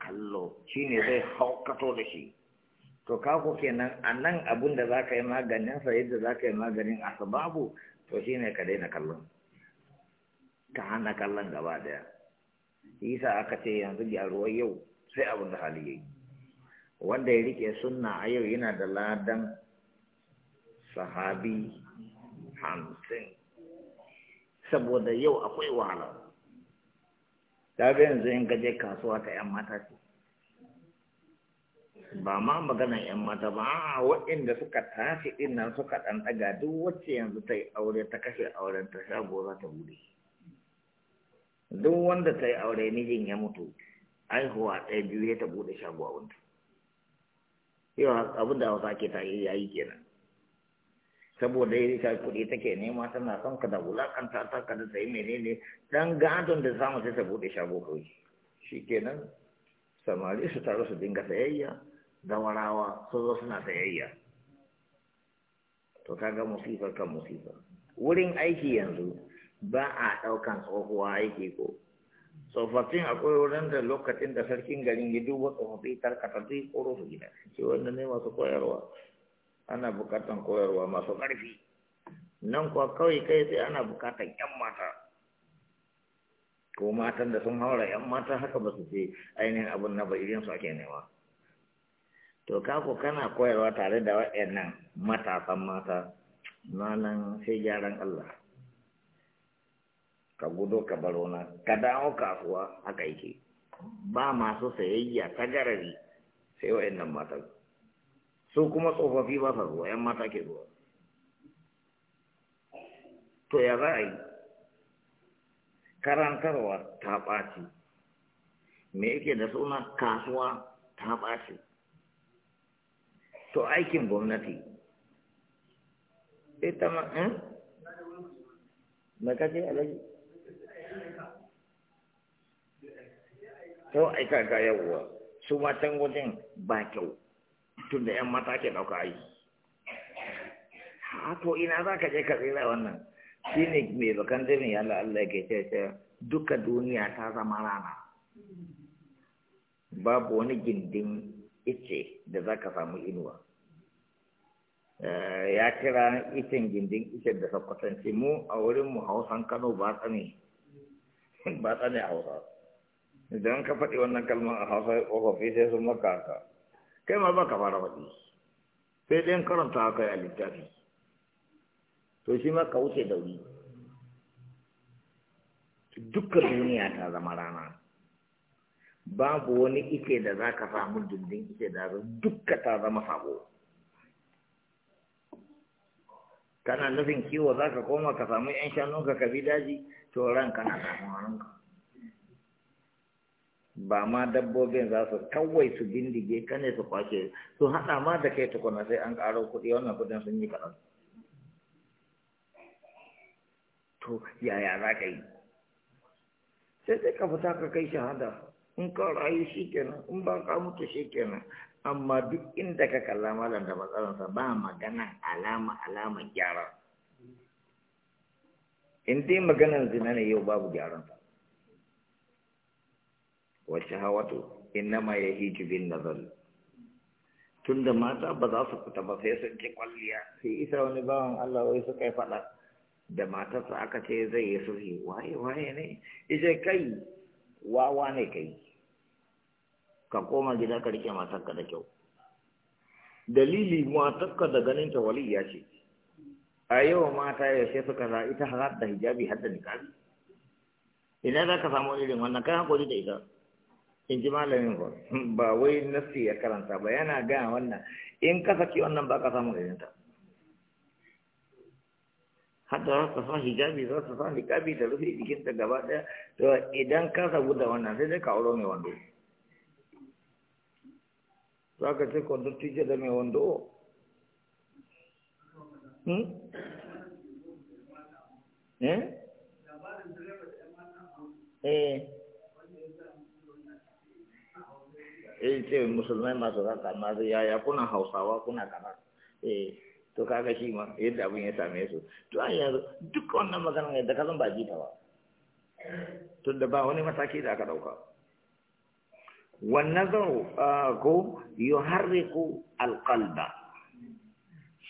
kallo shi ne zai haukato da shi to kako kenan a nan abin da za ka yi maganinsa yadda za ka yi maganin asababu to shi ne ka daina kallon ka hana kallon gaba daya sa aka ce yanzu gyaruwar yau sai abin da hali yayi wanda ya rike sunna a yau yana da ladan sahabi hamsin saboda yau akwai wahala ta ga yanzu in gaje kasuwa ta 'yan mata ce ba ma maganan 'yan mata ba a waɗanda suka tashi ɗin nan suka ɗan ɗaga duk wacce yanzu ta yi aure ta kashe auren ta shago za ta bude duk wanda ta yi aure mijin ya mutu aihuwa ɗaya biyu ya ta buɗe shago a wanda yawa abin da wasa ke ta yi yayi kenan saboda ya rika kuɗi take nema tana son ka da wulakanta ta ka da sai menene dan gadon da samu sai ta buɗe shago kawai shi kenan samari su taro su dinga sayayya dawarawa su zo suna sayayya to kaga musifar kan musifa wurin aiki yanzu ba a ɗaukan tsohuwa aiki ko tsofaffin akwai wurin da lokacin da sarkin garin ya duba tsofaffi tarkata zai koro su gida ce wanda ne masu koyarwa ana bukatan koyarwa masu ƙarfi nan kuwa kawai kai sai ana bukatan yan mata ko matan da sun haura yan mata haka ba su ce ainihin abin na ba irin su ake nema to kako kana koyarwa tare da waɗannan matasan mata nanan sai gyaran Allah ka gudo ka baro na ka dawo kasuwa haka yake ba masu sayayya ta garari sai wa'annan mata. su kuma tsofaffi ba sa zuwa yan mata ke zuwa to ya za a yi karantarwa ta ɓaci me yake da suna kasuwa ta ɓaci to aikin gwamnati ita ma eh? na me kace alaji Ko ai ka ga yawwa su matan wajen ba kyau tunda yan mata ke dauka ayi. ha to ina za ka je ka tsira wannan ne mai bakan dirin ya Allah Allah ke ce duka duniya ta zama rana babu wani gindin ice da za ka samu inuwa eh, ya kira icen gindin ice da sakwatanci mu a wurin mu hausan kano ba tsane ba tsane a hausa idan ka faɗi wannan kalmar a hausa ƙofofi sai sun maka haka kai ma ba ka fara faɗi sai ɗayan karanta haka a littafi to shi ma ka wuce da wuri dukkan duniya ta zama rana babu wani ike da za ka samu dundun ike da dukka ta zama sabo kana nufin kiwo za ka koma ka samu 'yan shanunka ka bi daji to ran kana samu ranka ba ma dabbobin za su kawai su bindige ka ne su kwace su haɗa ma da kai tukuna sai an karo kuɗi wannan kuɗin sun yi kaɗan to yaya za ka yi sai sai ka fita ka kai shahada in ka rayu shi kenan in ba ka mutu shi kenan amma duk inda ka kalla malam da matsalarsa ba magana alama alama gyara in dai maganar zina ne yau babu gyaransa hawa to والشهوة إنما يهيج بالنظر tunda mata ba za su fita ba sai sun ci kwalliya sai isa wani bawan Allah wai suka yi faɗa da matarsa aka ce zai yi sulhi waye waye ne ishe kai wawa ne kai ka koma gida ka rike matarka da kyau dalili matarka da ganinta ta waliya ce a yau mata ya yaushe suka za ita har da hijabi har da niqabi Ina za ka samu irin wannan kai hakuri da ita in ji malamin ba ba wai nasi ya karanta ba yana gaya wannan in ka saki wannan ba ka samu garinta hatta za ta sa hijabi za ta sa niqabi da rufe jikinta gaba daya to idan ka sabu da wannan sai dai ka auro mai wando za ka ce kwando tije da mai wando hmm? eh, eh? eh ce musulmai masu zaka masu yaya kuna hausawa kuna Kana eh to kaga shi ma yadda abin ya same su to an yanzu duk wannan magana ne da kazan ba ta ba tun da ba wani mataki da aka dauka wannan zan ko yuharriku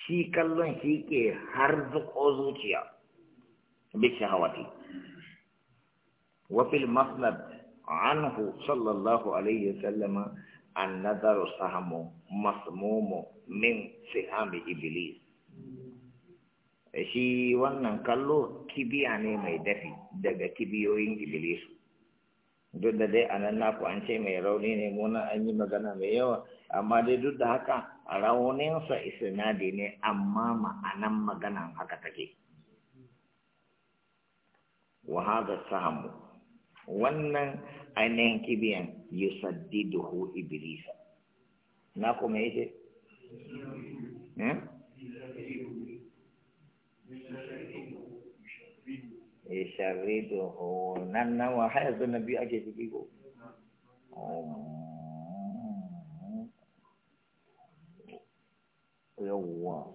shi kallon shi ke har zuko zuciya bi shahawati wa masnad عنه صلى الله عليه وسلم النذر سهم مسموم من سهام إبليس shi wannan kallo kibiya ne mai dafi daga kibiyoyin iblis duk da dai anan naku an ce mai rauni ne muna an yi magana mai yawa amma dai duk da haka rauninsa isinadi ne amma ma'anan magana haka take wa hada samu wannan ainihin kibiyan yusaddiduhu iblis na kuma yace hmm? eh yusaddiduhu nan nan wa ake ciki ko yawwa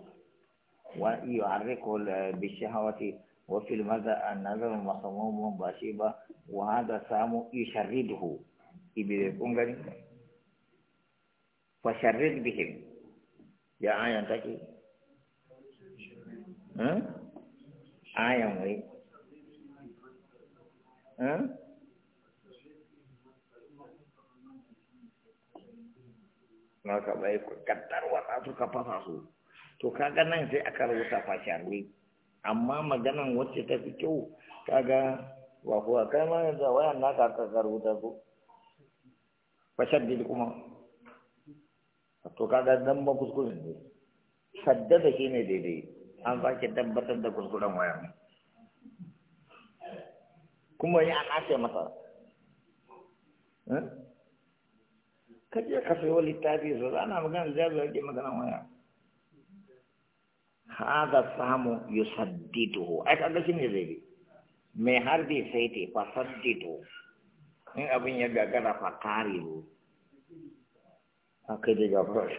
wa yu'arriqu وفي المدى النظر مصموم باشيبا وهذا سامو يشرده يبيكون غني فشرد بهم يا آية تكي ها آية وي ها maka baik kaddar wa ta suka fasa su to kaga nan sai aka rubuta fasharwi amma maganan wacce ta fi kyau kaga wa kuwa kai ma yanzu wayan naka ka karuta ko fashaddid kuma to kaga dan ba kuskure ne da shi ne daidai an sake tabbatar da kuskuren wayan kuma ya ce masa eh? kaje ka sayo littafi sosai. ana magana da zai magana waya hada samu yusaddiduhu ai kaga ne zai bi mai bi sai te fa saddidu in abin ya gagara fa kariru akai da fara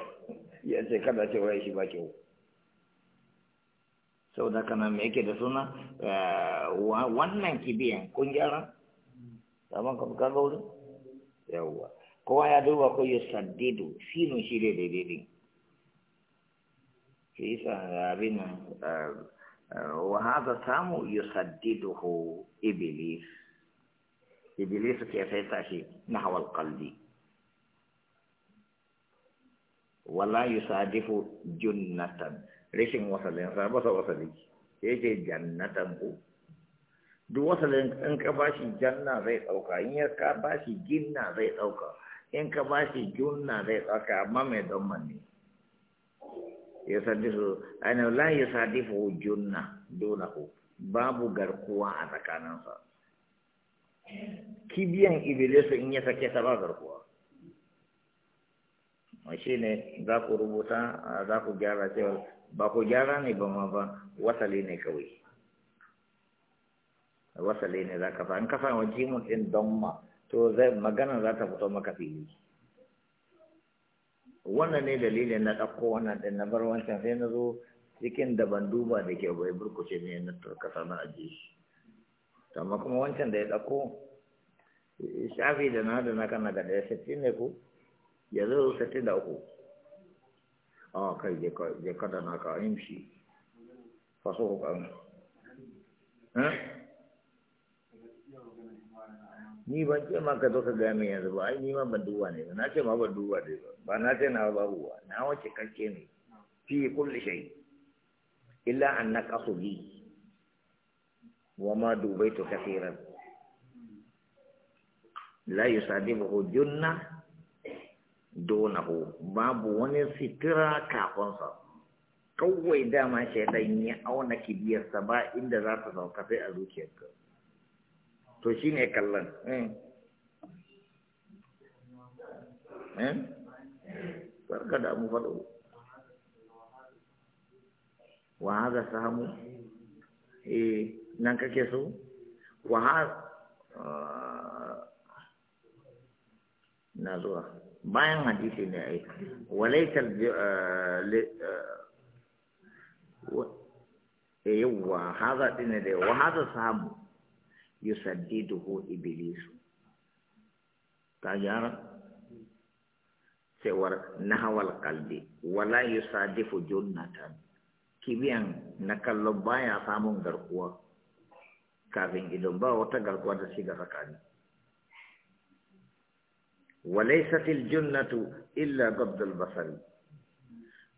ya ce kada ce wai shi ba sau da kana me yake da suna wannan kibiyan kun gyara zaman ka kaga wurin yawwa kowa ya duba ko yusaddidu sinu shi daidai daidai isa abin eh, eh, wa haza samu yusaddiduhu iblis iblis ke sai ta na nahwa alqalbi wala yusadifu jannatan rashin wasalin sa ba sa wasali yake jannatan ku duk wasalin in ka bashi janna zai dauka in ya ka bashi jinna zai dauka in ka bashi junna zai dauka amma mai don manne yasadifu ana la yasadifu junna dunahu babu garkuwa a tsakaninsa kibiyan ibilisu in ya sake ta ba garkuwa shi ne za ku rubuta za ku gyara cewa ba ku gyara ne ba ma ba wasali ne kawai wasali ne za ka fa in kasa sa wa jimun ɗin don ma to zai magana za ta fito maka fili wannan ne dalilin na ɗauko wannan ɗin na bar wancan sai na zo cikin daban duba da ke bai burkuce ne na turkasa na ajiye shi amma kuma wancan da ya ɗauko shafi da na da na na ga ya sittin ne ku ya zo sittin da uku a kai je kada na ka yi shi faso hukan ni ban ce ma ka zo ka gane min yanzu ba ai ni ma ban duba ne ba na ce ma ban duba ne ba ba na ce na babu ba na wace karke ne fi kulli shay illa annaka naqasu wa ma dubaitu kathiran la yusadibu junna donahu babu wani sitira kafin sa kawai dama shaidan ya auna kibiyarsa ba inda za ta sauka sai a zuciyarka to shi ne kallon hmm. Hmm? barka da mu faɗo wa haza samu eh nan kake so wa ha ah, na zuwa bayan hadisi ne ai walaitar ah, ah, eh, yawwa haza ɗin ne da wa haza samu yusaddiduhu iblisu ta gyara cewar nahawal kalbi wala yusadifu junnatan kibiyan na kallon baya samun garkuwa kafin idan ba wata garkuwa da shiga tsakani walaisatil junnatu illa gabdul basari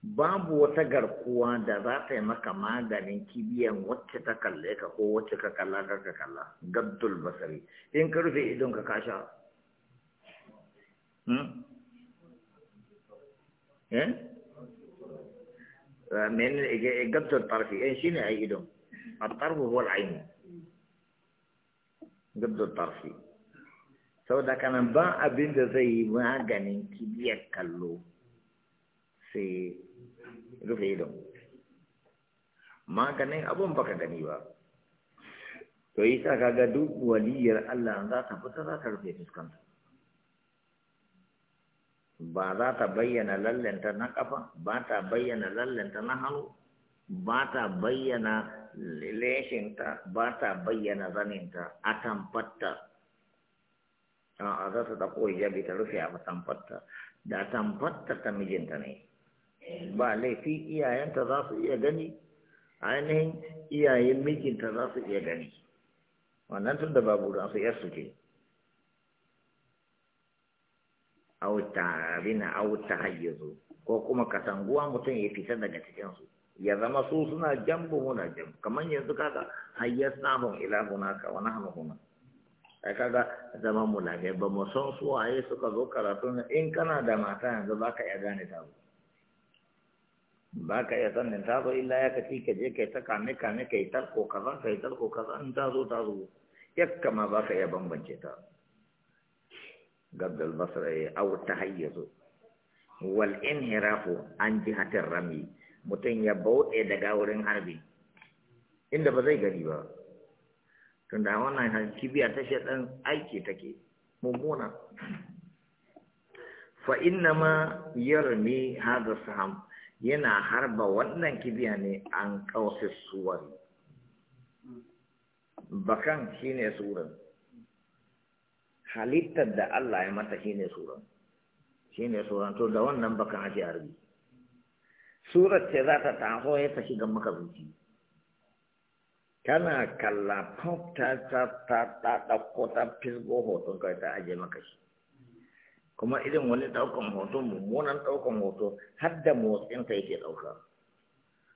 babu wata garkuwa da za ta yi maka maganin kibiyan wacce ta kalle ka ko wacce ka kalla ka ka kalla gaddul basari in ka rufe idon ka kasha hmm? eh? eh men eh, gaddul tarfi eh shine ai idon at-tarfu wal al-ayn gaddul tarfi saboda kana ba abin da zai yi maganin kibiyar kallo sai rufe idon maganin abun baka gani ba to yi sa kaga duk waliyar Allah za ta fita za ta rufe fuskanta ba za ta bayyana lallanta na kafa ba ta bayyana lallanta na hannu ba ta bayyana leshinta ba ta bayyana zaninta a ah, tamfatta a za ta ɗauko hijabi ta rufe a tamfatta da tamfatta ta mijinta ne ba laifi iyayenta za su iya gani ainihin iyayen mijinta za su iya gani wannan tun da babu da su yar suke auta rina auta hayyazo ko kuma katanguwa mutum ya fita daga cikinsu ya zama su suna jambu muna jambu kamar yanzu kaga hayyar samun ilahuna ka wani kuma? ai kaga zaman mu lafiya ba mu san su waye suka zo karatu in kana da mata yanzu za ka iya gane ta ba ka iya sannin ta zo illa ya kaci ka je kai ta kame kame kai tar ko kaza kai tar ko kaza in ta zo ta zo yakka ma ba ka iya bambance ta gabdal basra ya aw tahayyazu wal hirafu an jihatir rami mutum ya bauɗe daga wurin harbi inda ba zai gani ba tunda wannan kibiya ta shaɗan aiki take mummuna fa inna ma yarmi hadha saham yana harba wannan kibiya ne an kausa suwar. bakan shine suran halittar da Allah ya mata shine suran shine suran to da wannan bakan ake harbi surar ce za ta taho ya ta shiga maka kana kalla ta ta ta ta ta ta ta hoton kai ta aje maka shi kuma irin wani ɗaukan hoto mummunan ɗaukan hoto har da motsinta yake ɗauka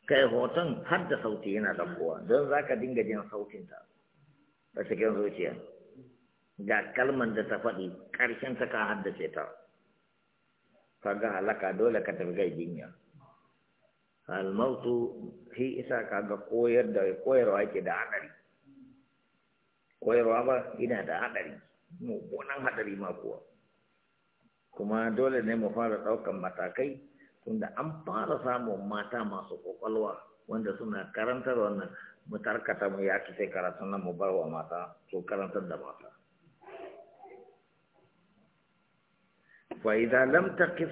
kai hoton har da sauti yana ɗaukowa don za ka dinga jin sautinta a cikin zuciya ga kalmar da ta faɗi ƙarshen ta ka haddace ta ka ga halaka dole ka tafi gai jinya almautu shi isa ka ga koyar da koyarwa yake da haɗari koyarwa ba yana da haɗari mummunan haɗari ma kuwa kuma dole ne mu fara ɗaukan matakai tunda an fara samun mata masu ƙwaƙwalwa wanda suna karantar wannan mu tarkata mu yaki sai karatu, nan mu bar wa mata su karantar da mata fa idan lam taqif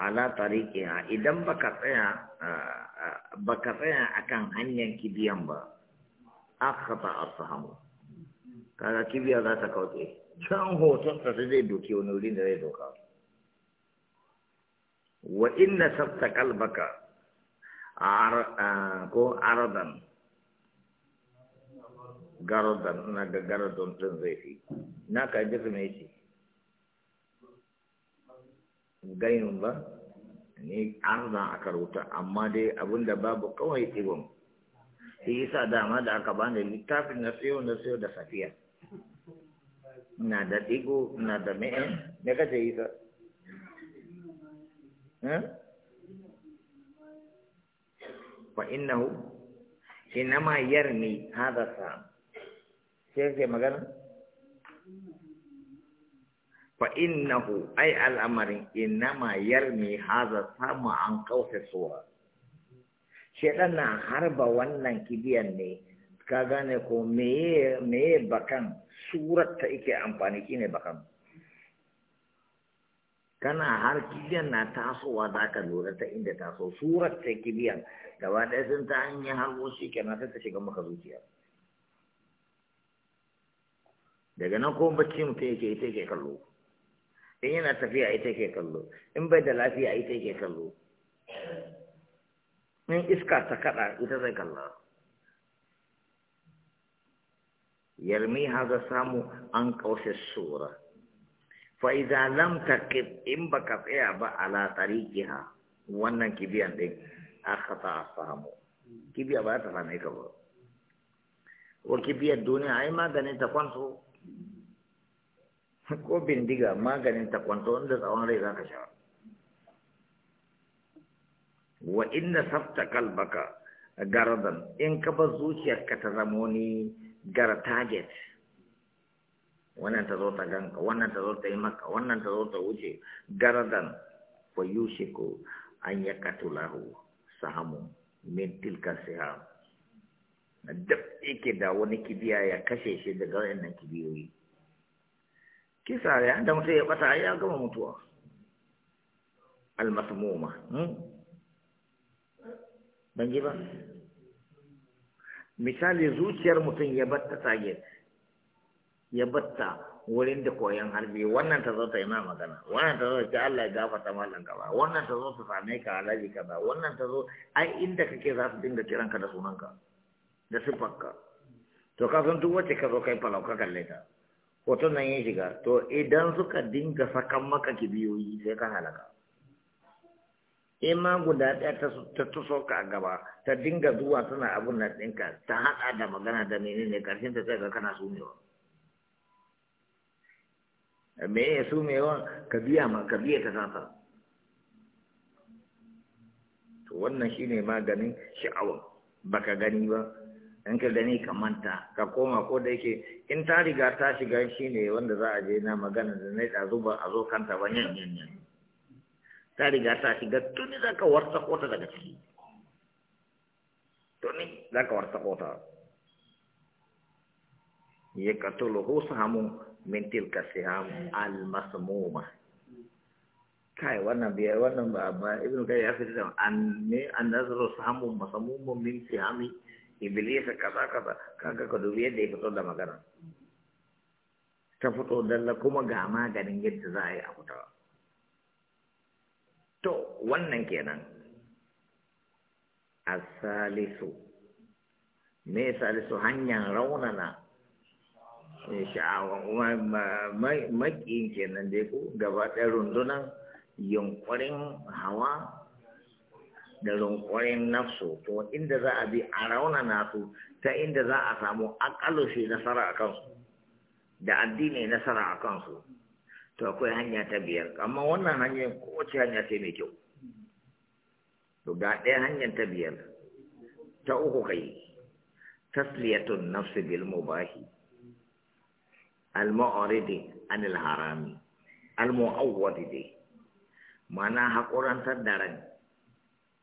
ala tariqiha idan baka tsaya baka tsaya akan hanyar kibiyan ba akhata ashamu kaga kibiya za ta kauce can hotonsa sai zai doki wani wurin da zai doka wa inna safta kalbaka ko aradan garadan na ga garodon din zai fi na ka ji su mai ce Ganin ba ne arzan aka rubuta amma dai abinda babu kawai tsigon shi yasa dama da aka bani littafin na siyo na siyo da safiya na da digo na da me ¿eh? ¿Eh? me ka ce isa fa yar ni ha da sa sai ke magana fa hu, ai al'amarin 'yar ha da sa ma an kausa sura shedan na harba wannan kibiyan ne ka gane ko meye meye bakan surat ta ike amfani kine bakan kana har kibiyan na tasowa za ka lura ta inda taso surat ta kibiyan gaba ɗaya sun ta hanyar hango shi kenan sai ta shiga maka zuciya daga nan kuma bacci mutum yake ita yake kallo in yana tafiya ita yake kallo in bai da lafiya ita yake kallo in iska ta kaɗa ita zai kallo yarmi haza samu an kaushe sura fa idza lam taqib in baka tsaya ba ala tariqiha wannan kibiyan din akhata fahimu kibiya ba ta same ka ba wa kibiyar duniya ai maganin ta kwanto ko bindiga maganin ta kwanto inda tsawon rai zaka sha wa inna sabta kalbaka gardan in ka bar zuciyarka ta zamo ni Gara target wannan ta zo ta ganka wannan ta zo ta yi maka wannan ta zo ta wuce garadan wa yushiku an ya katulahu sahamu min tilka siham dab yake da wani kibiya ya kashe shi daga wayannan kibiyoyi kisa ya da mutum ya bata ya gama mutuwa almasmuma hmm? ban ji ba misali zuciyar mutum ya batta target ya batta wurin da koyon harbi wannan ta zo ta yi ma magana wannan ta zo ta Allah ya gafarta mallan gaba wannan ta zo ta same ka alaji kaza wannan ta zo ai inda kake za su dinga kiran ka da sunanka da sifarka to ka san duk wacce ka zo kai falau ka kalle ta hoton nan ya shiga to idan suka dinga sakan maka kibiyoyi sai ka halaka in ma guda ɗaya ta tuso ka gaba ta dinga zuwa suna abun nan ɗinka ta haɗa da magana da menene ƙarshen ta sai ga kana sumewa me ya sumewa ka biya ma ka biya ta sata to wannan shine maganin sha'awa baka gani ba in ka gani ka manta ka koma ko da yake in ta riga ta shiga shine wanda za a je na magana da na zuba a zo kanta ba nyan nyan nyan ta riga ta shiga tuni za ka warta kota daga ciki tuni za ka warta kota ya katuluhu samu min tilka siham almasmuma kai wannan biya wannan ba ba ibnu kai ya fita an ne an nazaru samu masmuma min sihami iblis kaza kaza kaga ka dubi yadda ya fito da magana ta fito dalla kuma ga maganin yadda za a yi a fitawa to wannan kenan asalisu me salisu hanyar raunana sha'awa maƙin kenan dai ku gaba ɗaya rundunan yunƙurin hawa da runkurin nafsu to inda za a bi a raunana su ta inda za a samu akalu nasara a kansu da addini nasara a kansu to akwai hanya ta biyar amma wannan hanyar kowace hanya sai mai kyau to ga ɗaya hanyar ta biyar ta uku kai tasliyatun nafsi bil mubahi al mu'aridi anil harami al mu'awwadi mana hakurantar da ran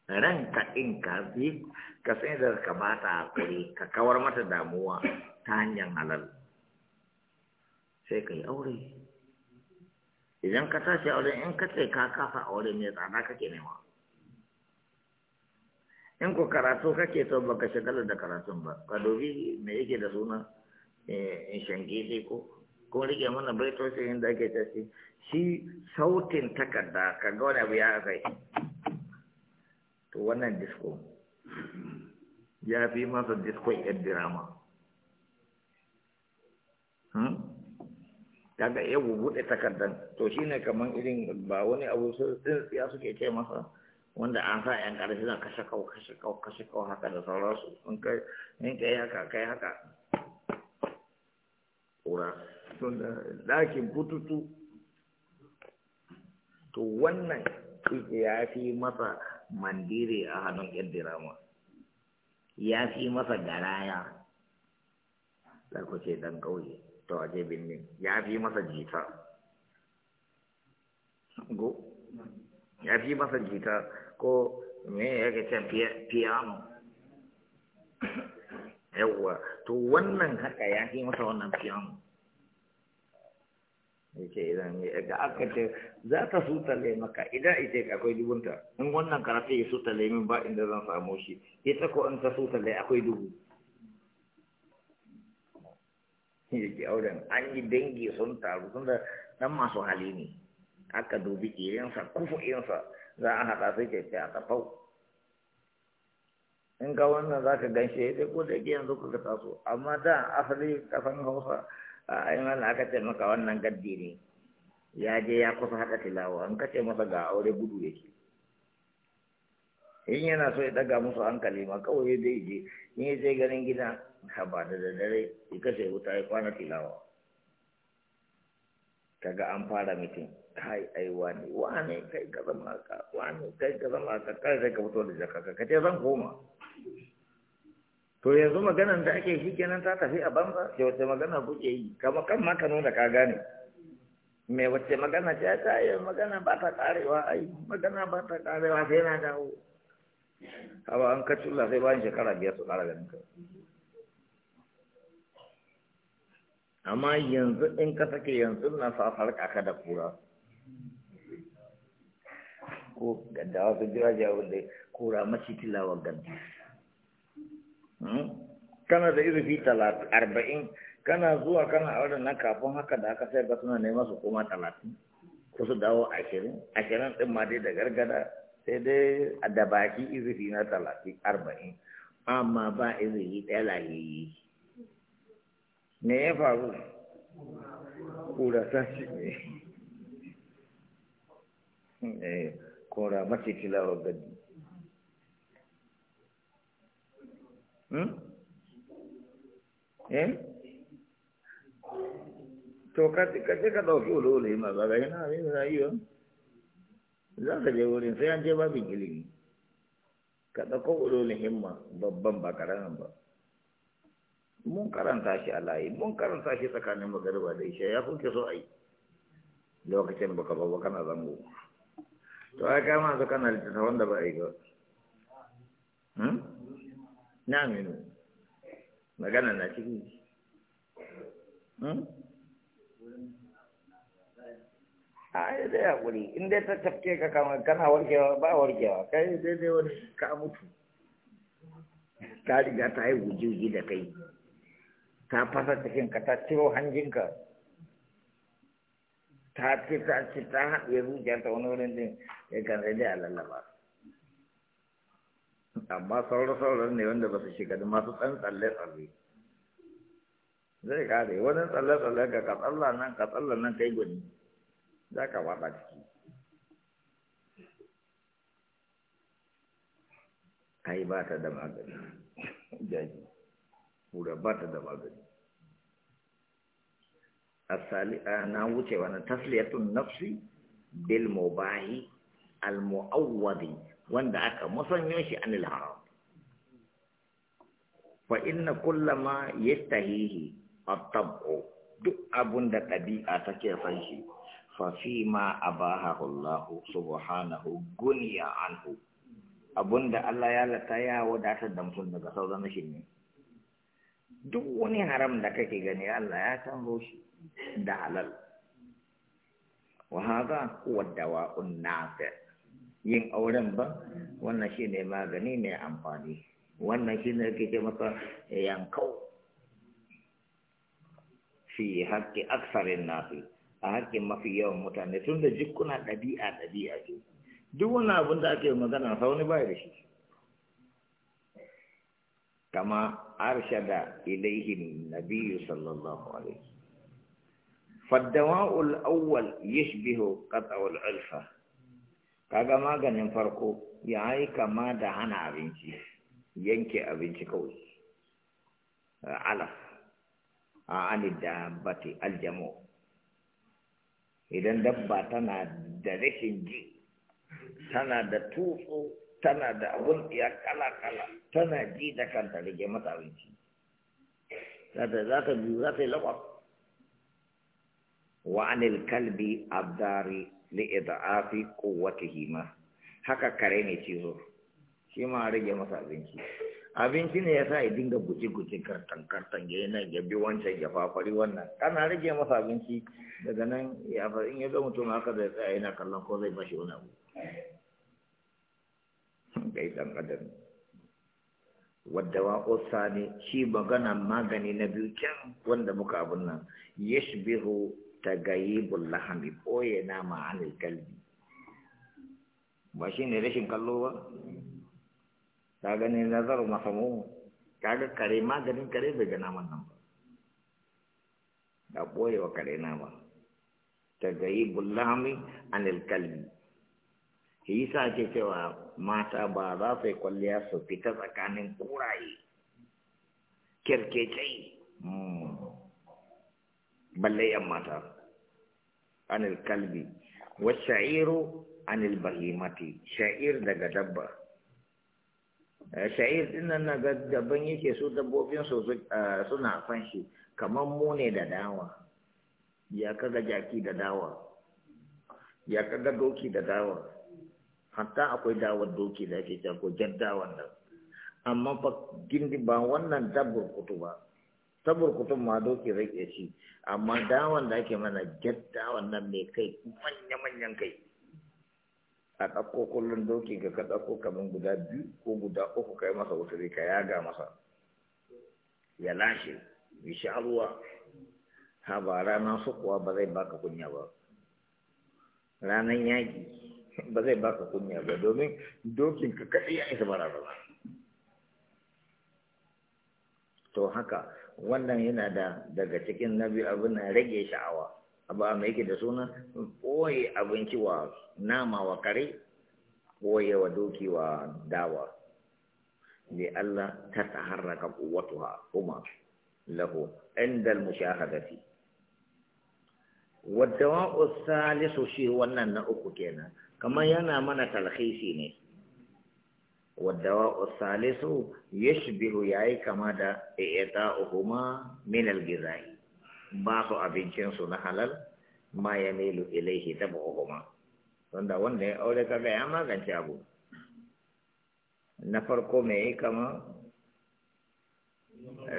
ranka in ka bi ka sai da ka bata hakuri ka kawar mata damuwa ta hanyar halal sai ka yi aure idan ka tashi wurin, in ka ce ka kafa a wurin mai tsada kake nema in ku karatu kake to baka shagala da karatun ba ka dubi me yake da suna in eh, shange sai ko ko rike mana baitoci inda ake tashi shi sautin takarda ka ga wani abu ya kai to wannan disco ya fi masa disco yan dirama hmm? daga ya bubuɗe takardar to shine kamar irin ba wani abu su tsintsiya suke ce masa wanda an sa yan ƙarfi na kashe kau kashe kau kashe kau haka da sauransu in kai in kai haka kai haka ƙura da ɗakin bututu to wannan ya fi masa mandiri a hannun ƴan dirama ya fi masa garaya da kuke dan ƙauye to a je ya fi masa jita go ya fi masa jita ko me yake can piano yawwa to wannan haka ya fi masa wannan piano yake idan ga aka ce za ta sutale maka idan ita akwai dubunta in wannan karafi ya suta min ba inda zan samu shi ita ko in ta sutale akwai dubu yake auren an yi dangi sun taru sun da dan masu hali ne aka dubi irinsa irinsa za a haɗa su ke a tafau in ka wannan za ka gan shi sai ko da yanzu kuka taso amma da asali kafan hausa a iman aka ce maka wannan gaddi ne ya je ya kusa haɗa tilawa in ka ce masa ga aure gudu yake in yana so ya daga musu hankali ma kawai dai je in ya je ganin gida ba da dare ya kashe wuta ya kwana tilawa kaga an fara mitin kai ai wani wani kai ka zama ka, wani kai ka zama ka, kai sai ka fito da jaka ka kace zan koma to yanzu maganan da ake shi kenan ta tafi a banza sai wace magana kuke yi kama kan ma ka nuna ka gane Me wace magana ce ta yi magana ba ta karewa ai magana ba ta karewa sai na dawo Haba an kacula sai bayan shekara biyar su kara ganin kai amma yanzu in ka sake yanzu na sa sarka ka da kura ko gaddawa jira jiragen wanda kura mashi tilawar gadda hmm? kana da izufi arba'in kana zuwa kana auren nan kafin haka da aka sayar da suna neman su koma talatin ko su dawo ashirin ashirin ɗin ma dai da gargada sai dai a da baki izufi na talatin arba'in amma ba izufi ɗaya lahiyi me ya faru kura ta shi ne eh, kura mace kilawar gadi hmm? eh? to ka ce ka ɗauki wulwule ma ba ga yana abin rayuwa za ka je wurin sai an je babin ilimi ka ɗauko wulwule himma babban ba ƙaramin ba mun karanta shi a layi mun karanta shi tsakanin magariba da isha ya kuke so a yi lokacin baka babba kana zango to ai kai ma zo kana littafa wanda ba a yi ba hmm? na minu magana na ciki hmm? ai dai hakuri in dai ta tafke ka kama kana warkewa ba warkewa kai dai dai wani ka mutu ka riga ta yi guji da kai ta fasa cikinka ta ciro hanjinka ta ce ta ce ta haɗe zuciyarta wani wurin din ya kan sai dai a lallaba amma sauran-sauran ne wanda ba su shiga da masu ɗan tsalle-tsalle zai kare wani tsalle-tsalle ga katsalla nan katsalla nan kai gwani za ka waɗa ciki kai ba ta da magani jaji ba ta da magani Ah, na wuce wani tasliyatun nafsi bil mubahi al mu'awwadi wanda aka musanyo shi anil haram fa inna kullama yastahihi at-tab'u duk abun da ɗabi'a take son shi fa fi ma abaha Allah subhanahu gunya anhu abun da Allah ya lata ya wadatar da mutum daga sauran shi ne duk wani haram da kake gani Allah ya san shi da halal wa hada huwa dawa'un yin auren ba wannan shine magani ne amfani wannan shine ake ce masa yankau fi haqqi aksarin nafi a haƙƙin mafi yawan mutane tun da jikuna ɗabi'a ɗabi'a ce duk wani abin da ake magana sa wani baya da shi kama arshada ilaihin nabiyyu sallallahu alaihi فالدواء الأول يشبه قطع الألفة kaga maganin farko ya yi kama da hana abinci yanke abinci kawai alaf a bati aljamo idan dabba tana da rashin ji tana da tutsu tana da abun ya kala-kala tana ji da kanta rage mata abinci za ta biyu za ta yi lakwasa al-kalbi, وعن الكلب الدار لإضعاف hima haka kare ne cizo shi ma rage masa abinci abinci ne yasa ya dinga guji-guji kartan-kartan ya nan ya bi wancan ya fafari wannan kana rage masa abinci daga nan ya in ya ga mutum haka da tsaya yana kallon ko zai bashi wani abu kai dan adam wadda waƙo sani shi magana magani na biyu can wanda muka abin nan yashbihu tagayibul lahami boye nama anil kalbi ba shi ne rashin kallo ba ta gani nazar masamu ga kare maganin kare bai ga naman nan ba da boye wa kare nama tagayibul lahami anil kalbi shi yi sa ake cewa mata ba za su yi kwalliya su fita tsakanin kuraye kirkecai hmm. balle yan mata anil kalbi wa sha'iru anil bahimati sha'ir daga dabba eh, sha'ir din nan daga dabban yake su dabbobin su eh, suna fan shi kamar mu ne da dawa ya kaga jaki da dawa ya kaga doki da dawa hatta akwai dawar doki da ake ko jaddawan nan amma fa gindi ba wannan dabbar kutu ba dabbar kutun ma doki zai iya amma dawon da ake mana jaddawan nan mai kai manya-manyan kai a ɗauko kullum doki ga ka ɗauko kamar guda biyu ko guda uku kai masa wuta zai ka yaga masa ya lashe ya ruwa ha ba ranar sukuwa ba zai baka kunya ba ranar yaƙi ba zai baka kunya ba domin dokin ka kaɗai ya isa ba to haka wannan yana da daga cikin nabi abin rage sha'awa abu mai da suna ɓoye abinci wa nama wa kare ɓoye wa doki wa dawa bi Allah ta taharraka quwwatuha kuma lahu inda mushahadati wa dawa'u Salisu shi wannan na uku kenan kamar yana mana talhisi ne wadda wa osale ya shi biyu ya yi kama da ya yi ta uhuma minal gizai ba su abincinsu na halal ma ya melu ilaihi ta ba uhuma wanda ya aure kama ya magance abu na farko mai kama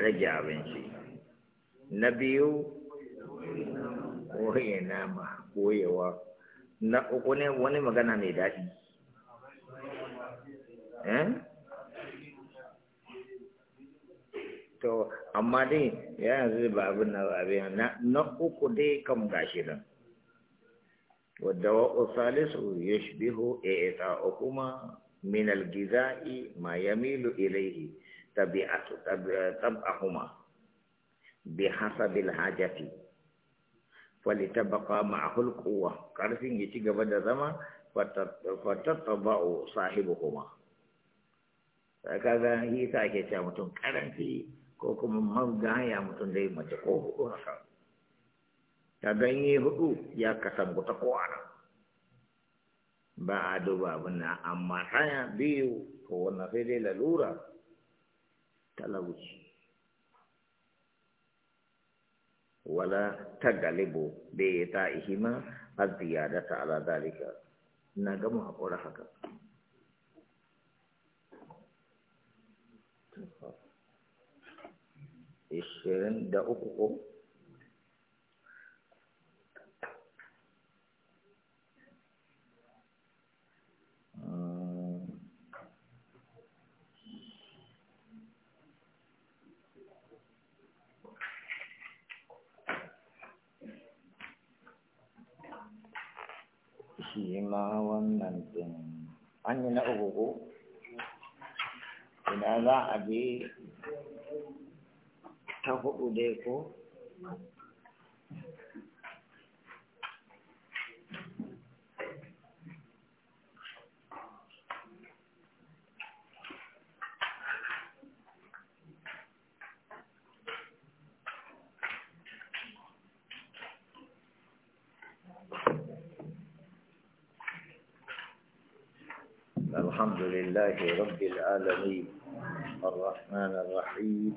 rage abinci na biyu koyewa na uku ne wani magana mai daɗi Eh? to amma dai ya yanzu ba abin na zabe na na uku dai kam gashi nan wadda wa usalisu yashbihu i'ta kuma min al-gizai ma yamilu ilayhi tabi'atu tab'ahuma bi hasabil hajati falitabqa ma'ahu al-quwwa karfin ya ci gaba da zama fatataba'u sahibuhuma ka ga shi yasa ake cewa mutum karanci ko kuma ya mutum zai mace ko hudu haka ta ganye hudu ya kasangu ta ana ba a duba abin nan amma haya biyu ko wannan sai dai lalura talauci wala tagalibu bai ta ihima a ziyarata ala dalika na gama haƙura haka ishirin da uku ko mm. shi ma wannan ɗin an yi na uku ko ina za a je ta hudu dai ko الحمد لله رب العالمين الرحمن الرحيم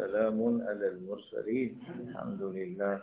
وسلام على المرسلين الحمد لله